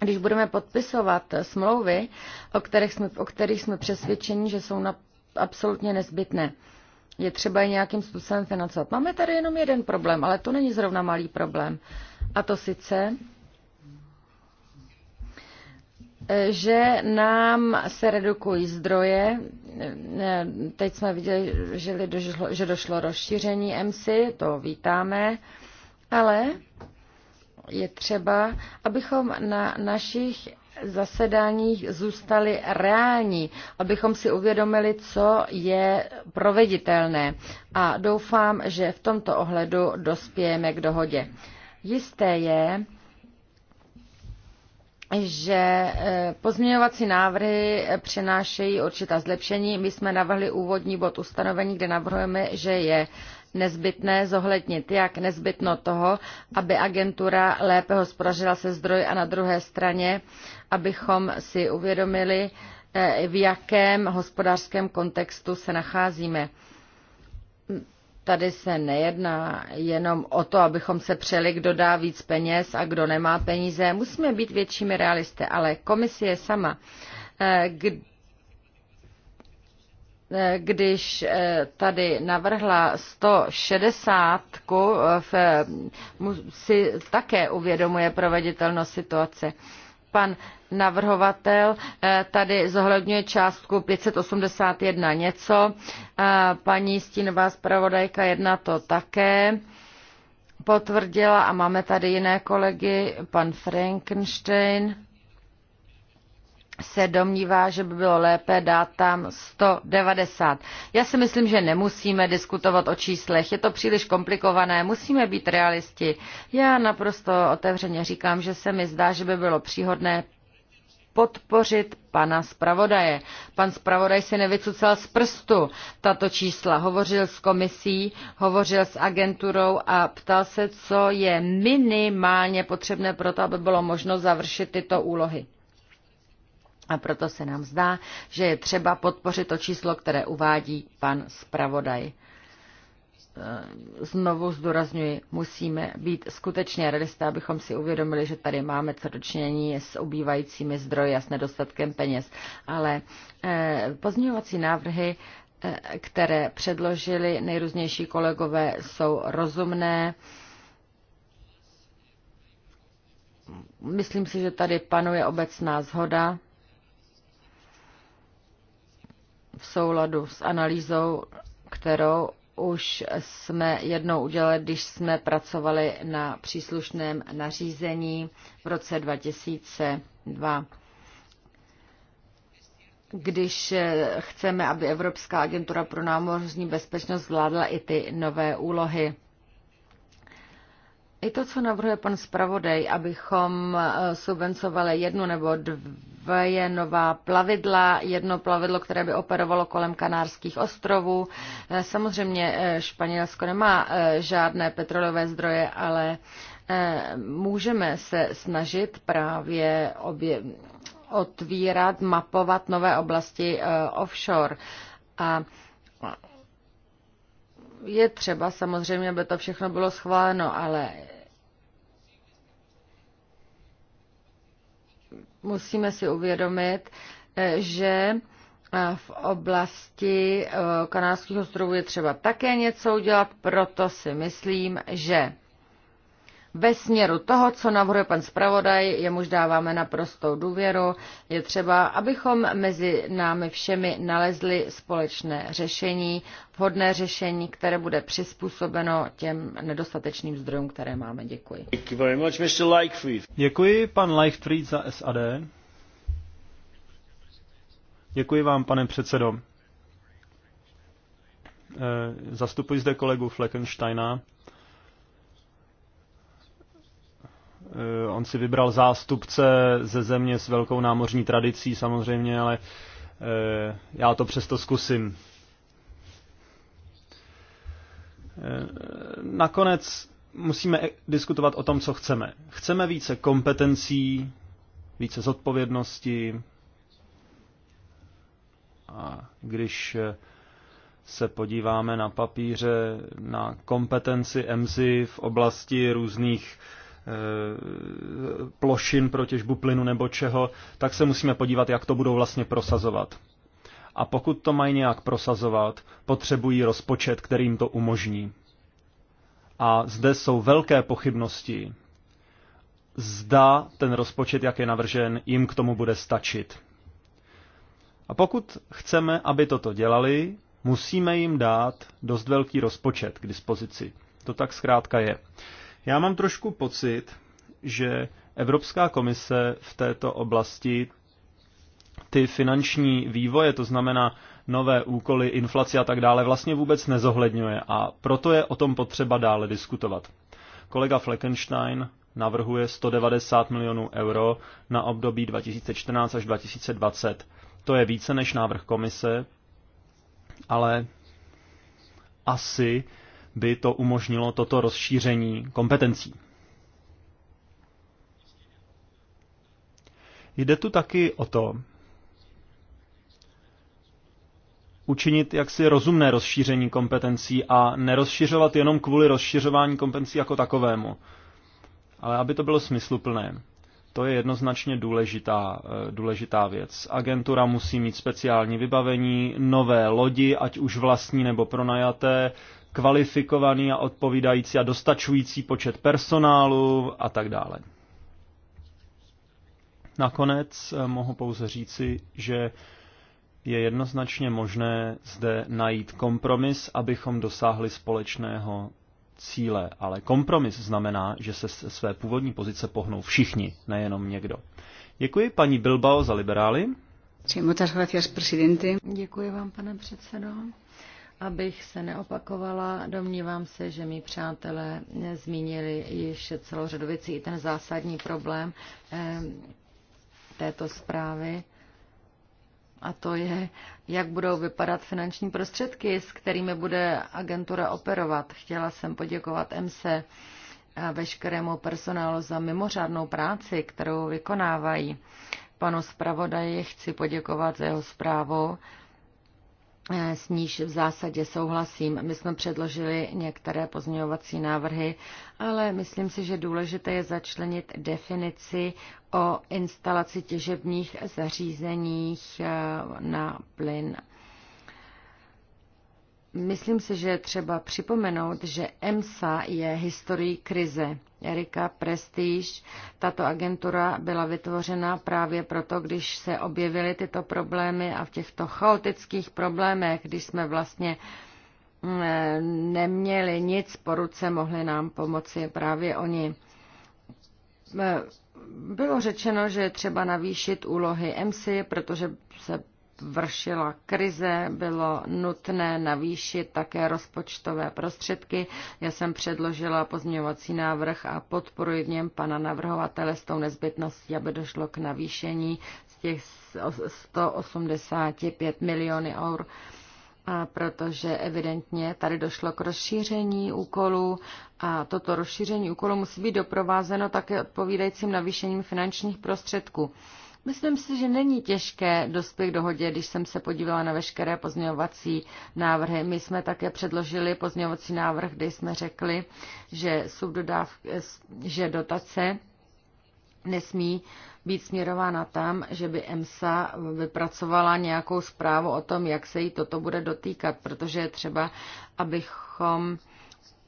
Když budeme podpisovat smlouvy, o kterých jsme, o kterých jsme přesvědčeni, že jsou na, absolutně nezbytné, je třeba je nějakým způsobem financovat. Máme tady jenom jeden problém, ale to není zrovna malý problém. A to sice že nám se redukují zdroje. Teď jsme viděli, že došlo, že došlo rozšíření EMSI, to vítáme, ale je třeba, abychom na našich zasedáních zůstali reální, abychom si uvědomili, co je proveditelné. A doufám, že v tomto ohledu dospějeme k dohodě. Jisté je, že e, pozměňovací návrhy přinášejí určitá zlepšení. My jsme navrhli úvodní bod ustanovení, kde navrhujeme, že je nezbytné zohlednit jak nezbytno toho, aby agentura lépe hospodařila se zdroji a na druhé straně, abychom si uvědomili, e, v jakém hospodářském kontextu se nacházíme. Tady se nejedná jenom o to, abychom se přeli, kdo dá víc peněz a kdo nemá peníze. Musíme být většími realisty, ale komisie sama, eh, eh, když eh, tady navrhla 160, si také uvědomuje proveditelnost situace pan navrhovatel eh, tady zohledňuje částku 581 něco, eh, paní stínová zpravodajka jedna to také potvrdila a máme tady jiné kolegy, pan Frankenstein se domnívá, že by bylo lépe dát tam 190. Já si myslím, že nemusíme diskutovat o číslech, je to příliš komplikované, musíme být realisti. Já naprosto otevřeně říkám, že se mi zdá, že by bylo příhodné podpořit pana zpravodaje. Pan zpravodaj si nevycucal z prstu tato čísla. Hovořil s komisí, hovořil s agenturou a ptal se, co je minimálně potřebné pro to, aby bylo možno završit tyto úlohy. A proto se nám zdá, že je třeba podpořit to číslo, které uvádí pan zpravodaj. E, znovu zdůrazňuji, musíme být skutečně realisté, abychom si uvědomili, že tady máme co dočinění s ubývajícími zdroji a s nedostatkem peněz. Ale e, pozměňovací návrhy, e, které předložili nejrůznější kolegové, jsou rozumné. Myslím si, že tady panuje obecná zhoda v souladu s analýzou, kterou už jsme jednou udělali, když jsme pracovali na příslušném nařízení v roce 2002. Když chceme, aby Evropská agentura pro námořní bezpečnost zvládla i ty nové úlohy. I to, co navrhuje pan zpravodaj, abychom eh, subvencovali jednu nebo dvě nová plavidla, jedno plavidlo, které by operovalo kolem Kanárských ostrovů. Eh, samozřejmě eh, Španělsko nemá žádné petrolové zdroje, ale můžeme se snažit právě obě, otvírat, mapovat nové oblasti offshore. A je třeba samozřejmě, aby to všechno bylo schváleno, ale musíme si uvědomit, eh, že eh, v oblasti eh, kanálských ostrovů je třeba také něco udělat, proto si myslím, že ve směru toho, co navrhuje pan zpravodaj, jemuž dáváme naprostou důvěru. Je třeba, abychom mezi námi všemi nalezli společné řešení, vhodné řešení, které bude přizpůsobeno těm nedostatečným zdrojům, které máme. Děkuji. Děkuji, pan Leichtfried za SAD. Děkuji vám, pane předsedo. Eh, zastupuji zde kolegu Fleckensteina, Eh, on si vybral zástupce ze země s velkou námořní tradicí samozřejmě, ale eh, já to přesto zkusím. Eh, nakonec musíme e- diskutovat o tom, co chceme. Chceme více kompetencí, více zodpovědnosti. A když se podíváme na papíře na kompetenci EMSI v oblasti různých Eh, plošin pro těžbu plynu nebo čeho, tak se musíme podívat, jak to budou vlastně prosazovat. A pokud to mají nějak prosazovat, potřebují rozpočet, kterým to umožní. A zde jsou velké pochybnosti, zda ten rozpočet, jak je navržen, jim k tomu bude stačit. A pokud chceme, aby toto dělali, musíme jim dát dost velký rozpočet k dispozici. To tak zkrátka je. Já mám trošku pocit, že Evropská komise v této oblasti ty finanční vývoje, to znamená nové úkoly, inflace a tak dále, vlastně vůbec nezohledňuje a proto je o tom potřeba dále diskutovat. Kolega Fleckenstein navrhuje 190 milionů euro na období 2014 až 2020. To je více než návrh komise, ale asi by to umožnilo toto rozšíření kompetencí. Jde tu taky o to, učinit jaksi rozumné rozšíření kompetencí a nerozšiřovat jenom kvůli rozšiřování kompetencí jako takovému. Ale aby to bylo smysluplné. To je jednoznačně důležitá, eh, důležitá věc. Agentura musí mít speciální vybavení, nové lodi, ať už vlastní nebo pronajaté, kvalifikovaný a odpovídající a dostačující počet personálu a tak dále. Nakonec eh, mohu pouze říci, že je jednoznačně možné zde najít kompromis, abychom dosáhli společného cíle. Ale kompromis znamená, že se své původní pozice pohnou všichni, nejenom někdo. Děkuji paní Bilbao za liberály. Děkuji vám, pane předsedo. Abych se neopakovala, domnívám se, že mi přátelé zmínili již celou řadu věcí. I ten zásadní problém eh, této zprávy, a to je, jak budou vypadat finanční prostředky, s kterými bude agentura operovat. Chtěla jsem poděkovat MSE a veškerému personálu za mimořádnou práci, kterou vykonávají. Panu zpravodaji chci poděkovat za jeho zprávu Eh, s níž v zásadě souhlasím. My jsme předložili některé pozměňovací návrhy, ale myslím si, že důležité je začlenit definici o instalaci těžebních zařízeních eh, na plyn. Myslím si, že je třeba připomenout, že EMSA je historií krize. Erika Prestige. Tato agentura byla vytvořena právě proto, když se objevily tyto problémy a v těchto chaotických problémech, když jsme vlastně mm, neměli nic po ruce, mohli nám pomoci právě oni. Bylo řečeno, že je třeba navýšit úlohy MC, protože se vršila krize, bylo nutné navýšit také rozpočtové prostředky. Já jsem předložila pozměňovací návrh a podporuji v něm pana navrhovatele s tou nezbytností, aby došlo k navýšení z těch 185 miliony eur protože evidentně tady došlo k rozšíření úkolů a toto rozšíření úkolů musí být doprovázeno také odpovídajícím navýšením finančních prostředků. Myslím si, že není těžké dospět k dohodě, když jsem se podívala na veškeré pozměňovací návrhy. My jsme také předložili pozměňovací návrh, kde jsme řekli, že, subdodáv, že dotace nesmí být směrována tam, že by EMSA vypracovala nějakou zprávu o tom, jak se jí toto bude dotýkat, protože je třeba, abychom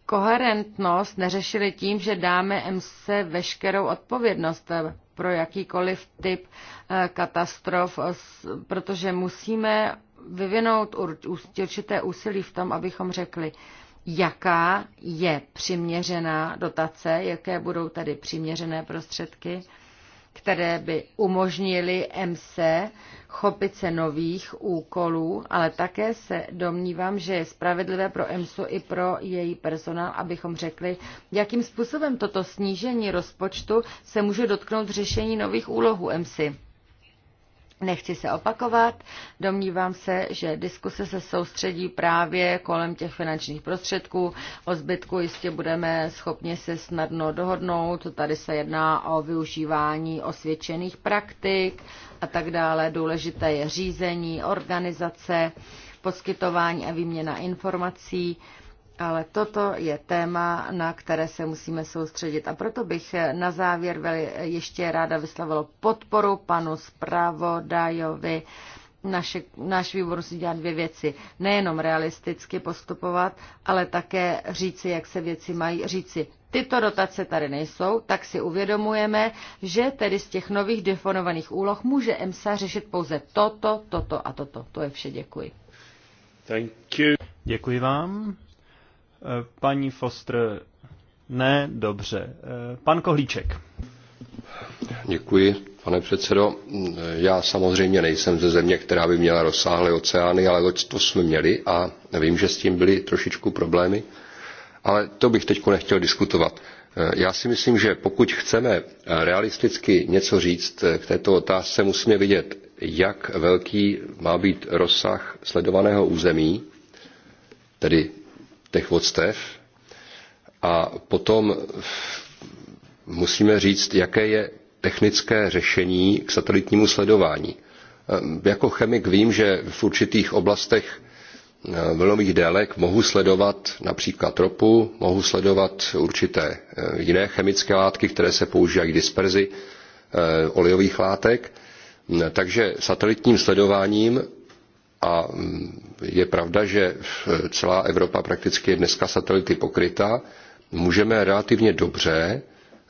koherentnost neřešili tím, že dáme EMSA veškerou odpovědnost pro jakýkoliv typ eh, katastrof, eh, protože musíme vyvinout určité úsilí v tom, abychom řekli, jaká je přiměřená dotace, jaké budou tady přiměřené prostředky které by umožnily MC chopit se nových úkolů, ale také se domnívám, že je spravedlivé pro EMSu i pro její personál, abychom řekli, jakým způsobem toto snížení rozpočtu se může dotknout řešení nových úloh EMSy. Nechci se opakovat, domnívám se, že diskuse se soustředí právě kolem těch finančních prostředků. O zbytku jistě budeme schopni se snadno dohodnout. Tady se jedná o využívání osvědčených praktik a tak dále. Důležité je řízení, organizace, poskytování a výměna informací. Ale toto je téma, na které se musíme soustředit. A proto bych na závěr ještě ráda vyslovila podporu panu zpravodajovi. Naše, náš výbor musí dělat dvě věci. Nejenom realisticky postupovat, ale také říci, jak se věci mají říci. Tyto dotace tady nejsou, tak si uvědomujeme, že tedy z těch nových definovaných úloh může EMSA řešit pouze toto, toto a toto. To je vše, děkuji. Thank you. Děkuji vám. Eh, paní Foster, ne, dobře. Eh, pan Kohlíček. Děkuji, pane předsedo. Eh, já samozřejmě nejsem ze země, která by měla rozsáhlé oceány, ale loďstvo jsme měli a vím, že s tím byly trošičku problémy. Ale to bych teď nechtěl diskutovat. Já si myslím, že pokud chceme realisticky něco říct k této otázce, musíme vidět, jak velký má být rozsah sledovaného území, tedy těch vodstev. A potom musíme říct, jaké je technické řešení k satelitnímu sledování. Eh, jako chemik vím, že v určitých oblastech eh, vlnových délek mohu sledovat například ropu, mohu sledovat určité eh, jiné chemické látky, které se používají k disperzi olejových látek. Takže satelitním sledováním a mm, je pravda, že celá Evropa prakticky je dneska satelity pokryta. Můžeme relativně dobře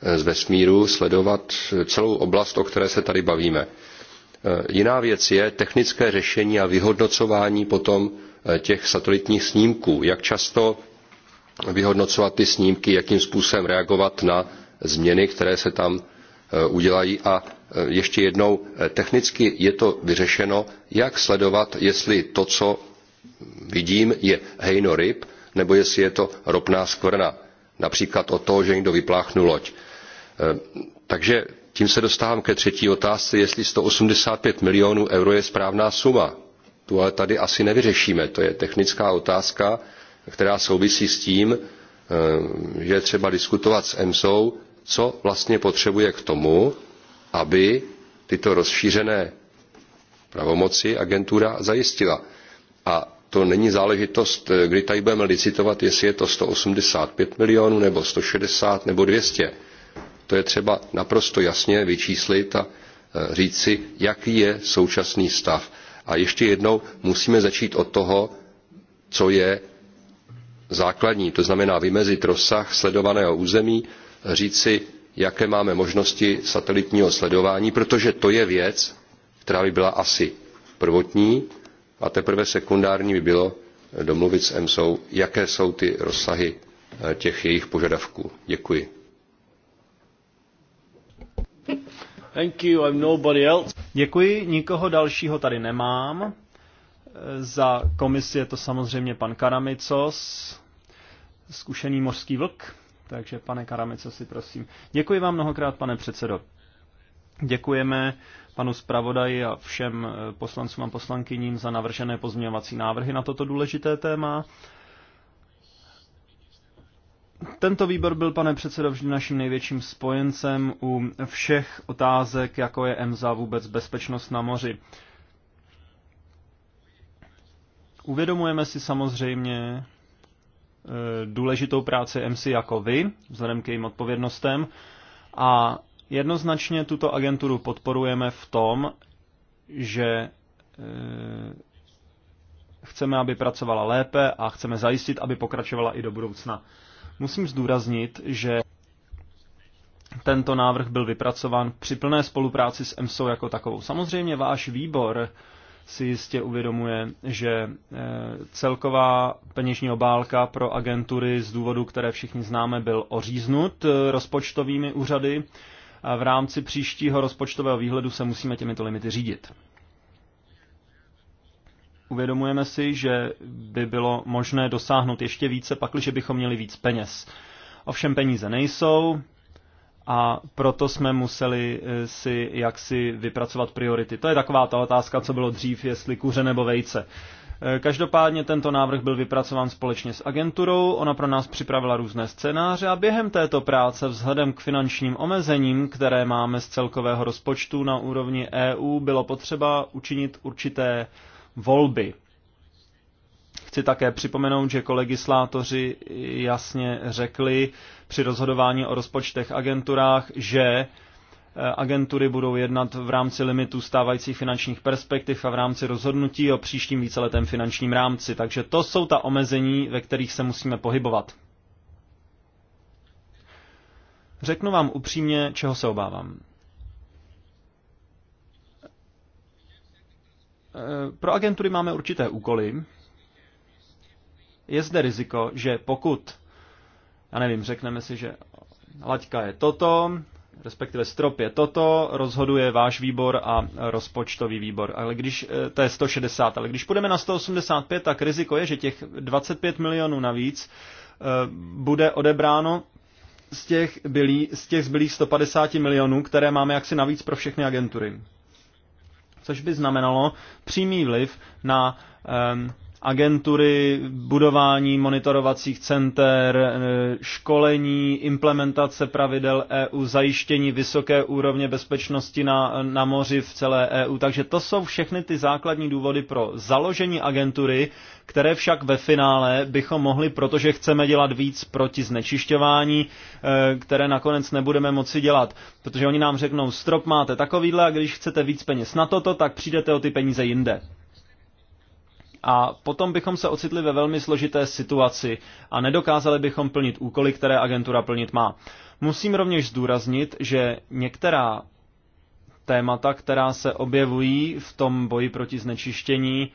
e, z vesmíru sledovat celou oblast, o které se tady bavíme. E, jiná věc je technické řešení a vyhodnocování potom e, těch satelitních snímků. Jak často vyhodnocovat ty snímky, jakým způsobem reagovat na změny, které se tam Eh, udělají a eh, ještě jednou, eh, technicky je to vyřešeno, jak sledovat, jestli to, co vidím, je hejno ryb, nebo jestli je to ropná skvrna. Například od toho, že někdo vypláchnul loď. Takže tím se dostávám ke třetí otázce, jestli 185 milionů euro je správná suma. Tu ale tady asi nevyřešíme. To je technická otázka, která souvisí s tím, že je třeba diskutovat s EMSou, co vlastně potřebuje k tomu, aby tyto rozšířené pravomoci agentura zajistila. A to není záležitost, kdy tady budeme licitovat, jestli je to 185 milionů, nebo 160, nebo 200. To je třeba naprosto jasně vyčíslit a e, říci, jaký je současný stav. A ještě jednou musíme začít od toho, co je základní, to znamená vymezit rozsah sledovaného území, říci, jaké máme možnosti satelitního sledování, protože to je věc, která by byla asi prvotní a teprve sekundární by bylo domluvit s EMSou, jaké jsou ty rozsahy eh, těch jejich požadavků. Děkuji. Thank you, I'm nobody else. Děkuji, nikoho dalšího tady nemám. Eh, za komisi je to samozřejmě pan Karamicos, zkušený mořský vlk. Takže pane Karamico si prosím. Děkuji vám mnohokrát, pane předsedo. Děkujeme panu zpravodaji a všem eh, poslancům a poslankyním za navržené pozměňovací návrhy na toto důležité téma. Tento výbor byl, pane předsedo, vždy naším největším spojencem u všech otázek, jako je EMSA vůbec bezpečnost na moři. Uvědomujeme si samozřejmě, Eh, důležitou práci MC jako vy, vzhledem k jejím odpovědnostem. A jednoznačně tuto agenturu podporujeme v tom, že eh, chceme, aby pracovala lépe a chceme zajistit, aby pokračovala i do budoucna. Musím zdůraznit, že tento návrh byl vypracován při plné spolupráci s EMSO jako takovou. Samozřejmě váš výbor si jistě uvědomuje, že eh, celková peněžní obálka pro agentury z důvodu, které všichni známe, byl oříznut eh, rozpočtovými úřady a v rámci příštího rozpočtového výhledu se musíme těmito limity řídit. Uvědomujeme si, že by bylo možné dosáhnout ještě více, pakliže bychom měli víc peněz. Ovšem peníze nejsou, a proto jsme museli eh, si jaksi vypracovat priority. To je taková ta otázka, co bylo dřív, jestli kuře nebo vejce. Eh, každopádně tento návrh byl vypracován společně s agenturou, ona pro nás připravila různé scénáře a během této práce vzhledem k finančním omezením, které máme z celkového rozpočtu na úrovni EU, bylo potřeba učinit určité volby. Chci také připomenout, že kolegislátoři jasně řekli při rozhodování o rozpočtech agenturách, že eh, agentury budou jednat v rámci limitů stávajících finančních perspektiv a v rámci rozhodnutí o příštím víceletém finančním rámci. Takže to jsou ta omezení, ve kterých se musíme pohybovat. Řeknu vám upřímně, čeho se obávám. Eh, pro agentury máme určité úkoly, je zde riziko, že pokud, já nevím, řekneme si, že laťka je toto, respektive strop je toto, rozhoduje váš výbor a rozpočtový výbor. Ale když, eh, to je 160, ale když půjdeme na 185, tak riziko je, že těch 25 milionů navíc eh, bude odebráno z těch, bylí, z těch zbylých 150 milionů, které máme jaksi navíc pro všechny agentury. Což by znamenalo přímý vliv na um, agentury, budování monitorovacích center, e, školení, implementace pravidel EU, zajištění vysoké úrovně bezpečnosti na, na moři v celé EU. Takže to jsou všechny ty základní důvody pro založení agentury, které však ve finále bychom mohli, protože chceme dělat víc proti znečišťování, e, které nakonec nebudeme moci dělat. Protože oni nám řeknou, strop máte takovýhle a když chcete víc peněz na toto, tak přijdete o ty peníze jinde. A potom bychom se ocitli ve velmi složité situaci a nedokázali bychom plnit úkoly, které agentura plnit má. Musím rovněž zdůraznit, že některá témata, která se objevují v tom boji proti znečištění,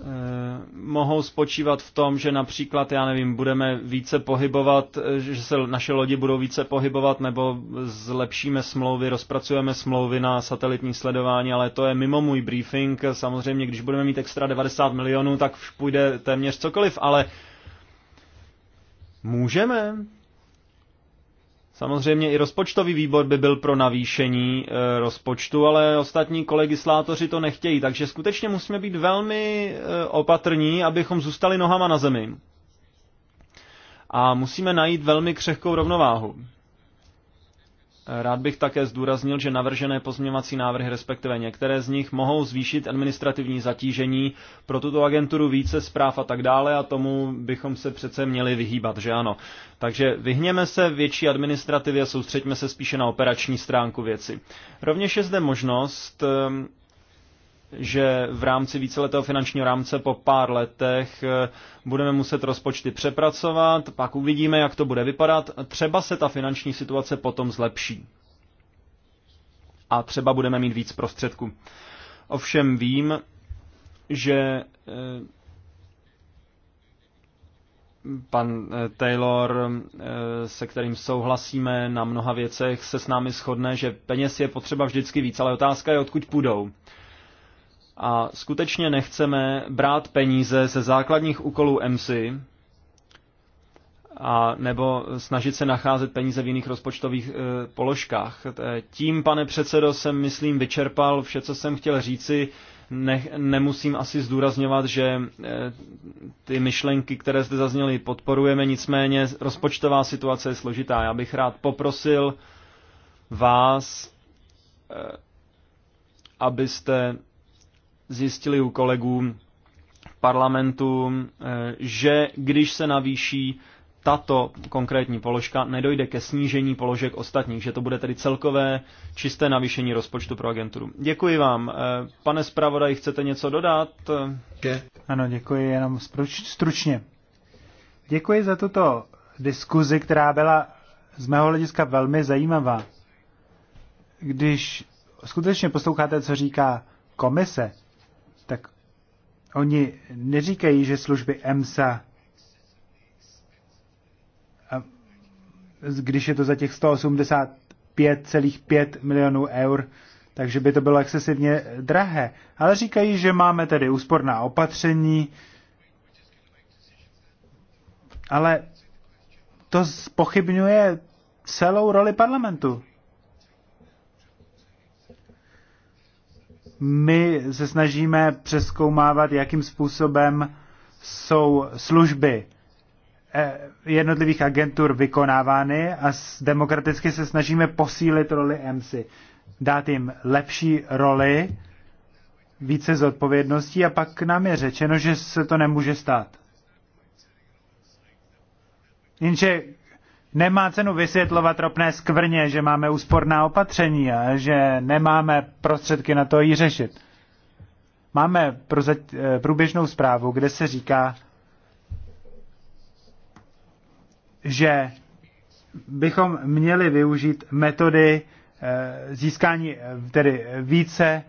Eh, mohou spočívat v tom, že například, já nevím, budeme více pohybovat, eh, že se naše lodi budou více pohybovat, nebo zlepšíme smlouvy, rozpracujeme smlouvy na satelitní sledování, ale to je mimo můj briefing. Samozřejmě, když budeme mít extra 90 milionů, tak půjde téměř cokoliv, ale můžeme Samozřejmě i rozpočtový výbor by byl pro navýšení e, rozpočtu, ale ostatní kolegislátoři to nechtějí, takže skutečně musíme být velmi e, opatrní, abychom zůstali nohama na zemi. A musíme najít velmi křehkou rovnováhu. Rád bych také zdůraznil, že navržené pozměňovací návrhy, respektive některé z nich, mohou zvýšit administrativní zatížení pro tuto agenturu více zpráv a tak dále a tomu bychom se přece měli vyhýbat, že ano. Takže vyhněme se větší administrativě a soustřeďme se spíše na operační stránku věci. Rovněž je zde možnost že v rámci víceletého finančního rámce po pár letech eh, budeme muset rozpočty přepracovat, pak uvidíme, jak to bude vypadat. Třeba se ta finanční situace potom zlepší. A třeba budeme mít víc prostředků. Ovšem vím, že eh, pan eh, Taylor, se kterým souhlasíme na mnoha věcech, se s námi shodne, že peněz je potřeba vždycky víc, ale otázka je, odkud půjdou. A skutečně nechceme brát peníze ze základních úkolů MSI, a nebo snažit se nacházet peníze v jiných rozpočtových e, položkách. Eh, tím, pane předsedo, jsem, myslím, vyčerpal vše, co jsem chtěl říci. Ne, nemusím asi zdůrazňovat, že e, ty myšlenky, které zde zazněly, podporujeme, nicméně rozpočtová situace je složitá. Já bych rád poprosil vás, e, abyste zjistili u kolegů v parlamentu, eh, že když se navýší tato konkrétní položka, nedojde ke snížení položek ostatních, že to bude tedy celkové čisté navýšení rozpočtu pro agenturu. Děkuji vám. Eh, pane zpravodaj, chcete něco dodat? Ano, děkuji, jenom stručně. Děkuji za tuto diskuzi, která byla z mého hlediska velmi zajímavá. Když skutečně posloucháte, co říká komise, Oni neříkají, že služby EMSA, když je to za těch 185,5 milionů eur, takže by to bylo excesivně drahé. Ale říkají, že máme tedy úsporná opatření, ale to spochybňuje celou roli parlamentu. my se snažíme přeskoumávat, jakým způsobem jsou služby eh, jednotlivých agentur vykonávány a demokraticky se snažíme posílit roli EMSI, dát jim lepší roli, více zodpovědností a pak nám je řečeno, že se to nemůže stát. Jenže Nemá cenu vysvětlovat ropné skvrně, že máme úsporná opatření a že nemáme prostředky na to ji řešit. Máme eh, průběžnou zprávu, kde se říká, že bychom měli využít metody eh, získání eh, tedy více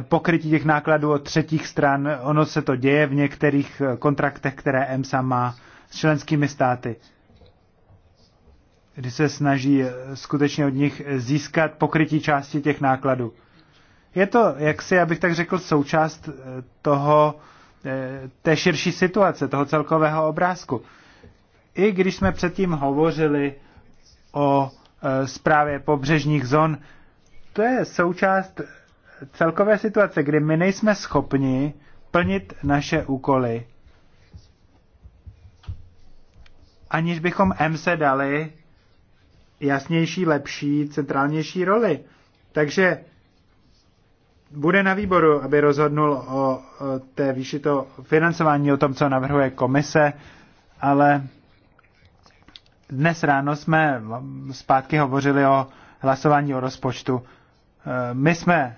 pokrytí těch nákladů od třetích stran. Ono se to děje v některých kontraktech, které EMSA má s členskými státy kdy se snaží skutečně od nich získat pokrytí části těch nákladů. Je to, jak si, abych tak řekl, součást eh, toho, eh, té širší situace, toho celkového obrázku. I když jsme předtím hovořili o eh, zprávě pobřežních zón, to je součást celkové situace, kdy my nejsme schopni plnit naše úkoly, aniž bychom M se dali jasnější, lepší, centrálnější roli. Takže bude na výboru, aby rozhodnul o té výši to financování, o tom, co navrhuje komise, ale dnes ráno jsme zpátky hovořili o hlasování o rozpočtu. E, my jsme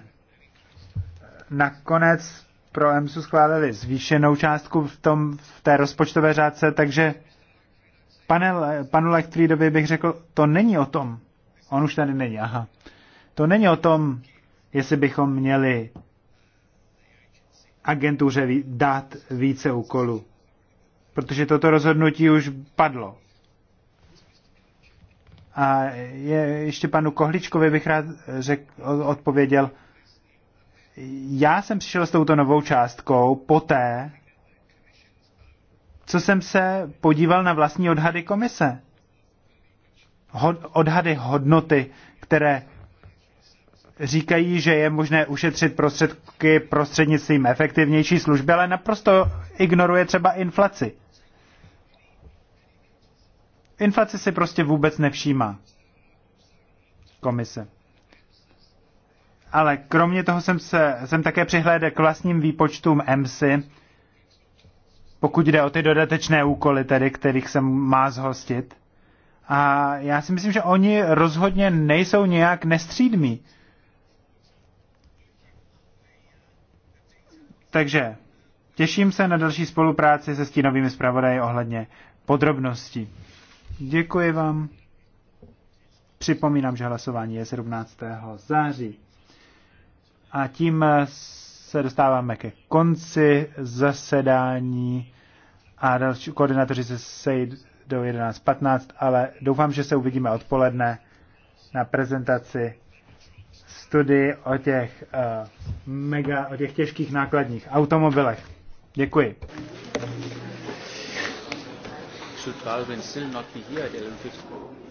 nakonec pro EMSu schválili zvýšenou částku v, tom, v té rozpočtové řádce, takže Panel, panu Lechtrídovi bych řekl, to není o tom, on už tady není, aha, to není o tom, jestli bychom měli agentuře dát více úkolů, protože toto rozhodnutí už padlo. A je, ještě panu Kohličkovi bych rád řek, odpověděl, já jsem přišel s touto novou částkou poté, co jsem se podíval na vlastní odhady komise. Hod, odhady hodnoty, které říkají, že je možné ušetřit prostředky prostřednictvím efektivnější služby, ale naprosto ignoruje třeba inflaci. Inflaci si prostě vůbec nevšímá komise. Ale kromě toho jsem, se, jsem také přihlédl k vlastním výpočtům EMSI, pokud jde o ty dodatečné úkoly, tedy, kterých se má zhostit. A já si myslím, že oni rozhodně nejsou nějak nestřídmí. Takže těším se na další spolupráci se stínovými zpravodaji ohledně podrobností. Děkuji vám. Připomínám, že hlasování je 17. září. A tím se dostáváme ke konci zasedání a další koordinátoři se sejdou 11.15, ale doufám, že se uvidíme odpoledne na prezentaci studii o těch, uh, mega, o těch těžkých nákladních automobilech. Děkuji. Should Calvin still not be here at 11.15?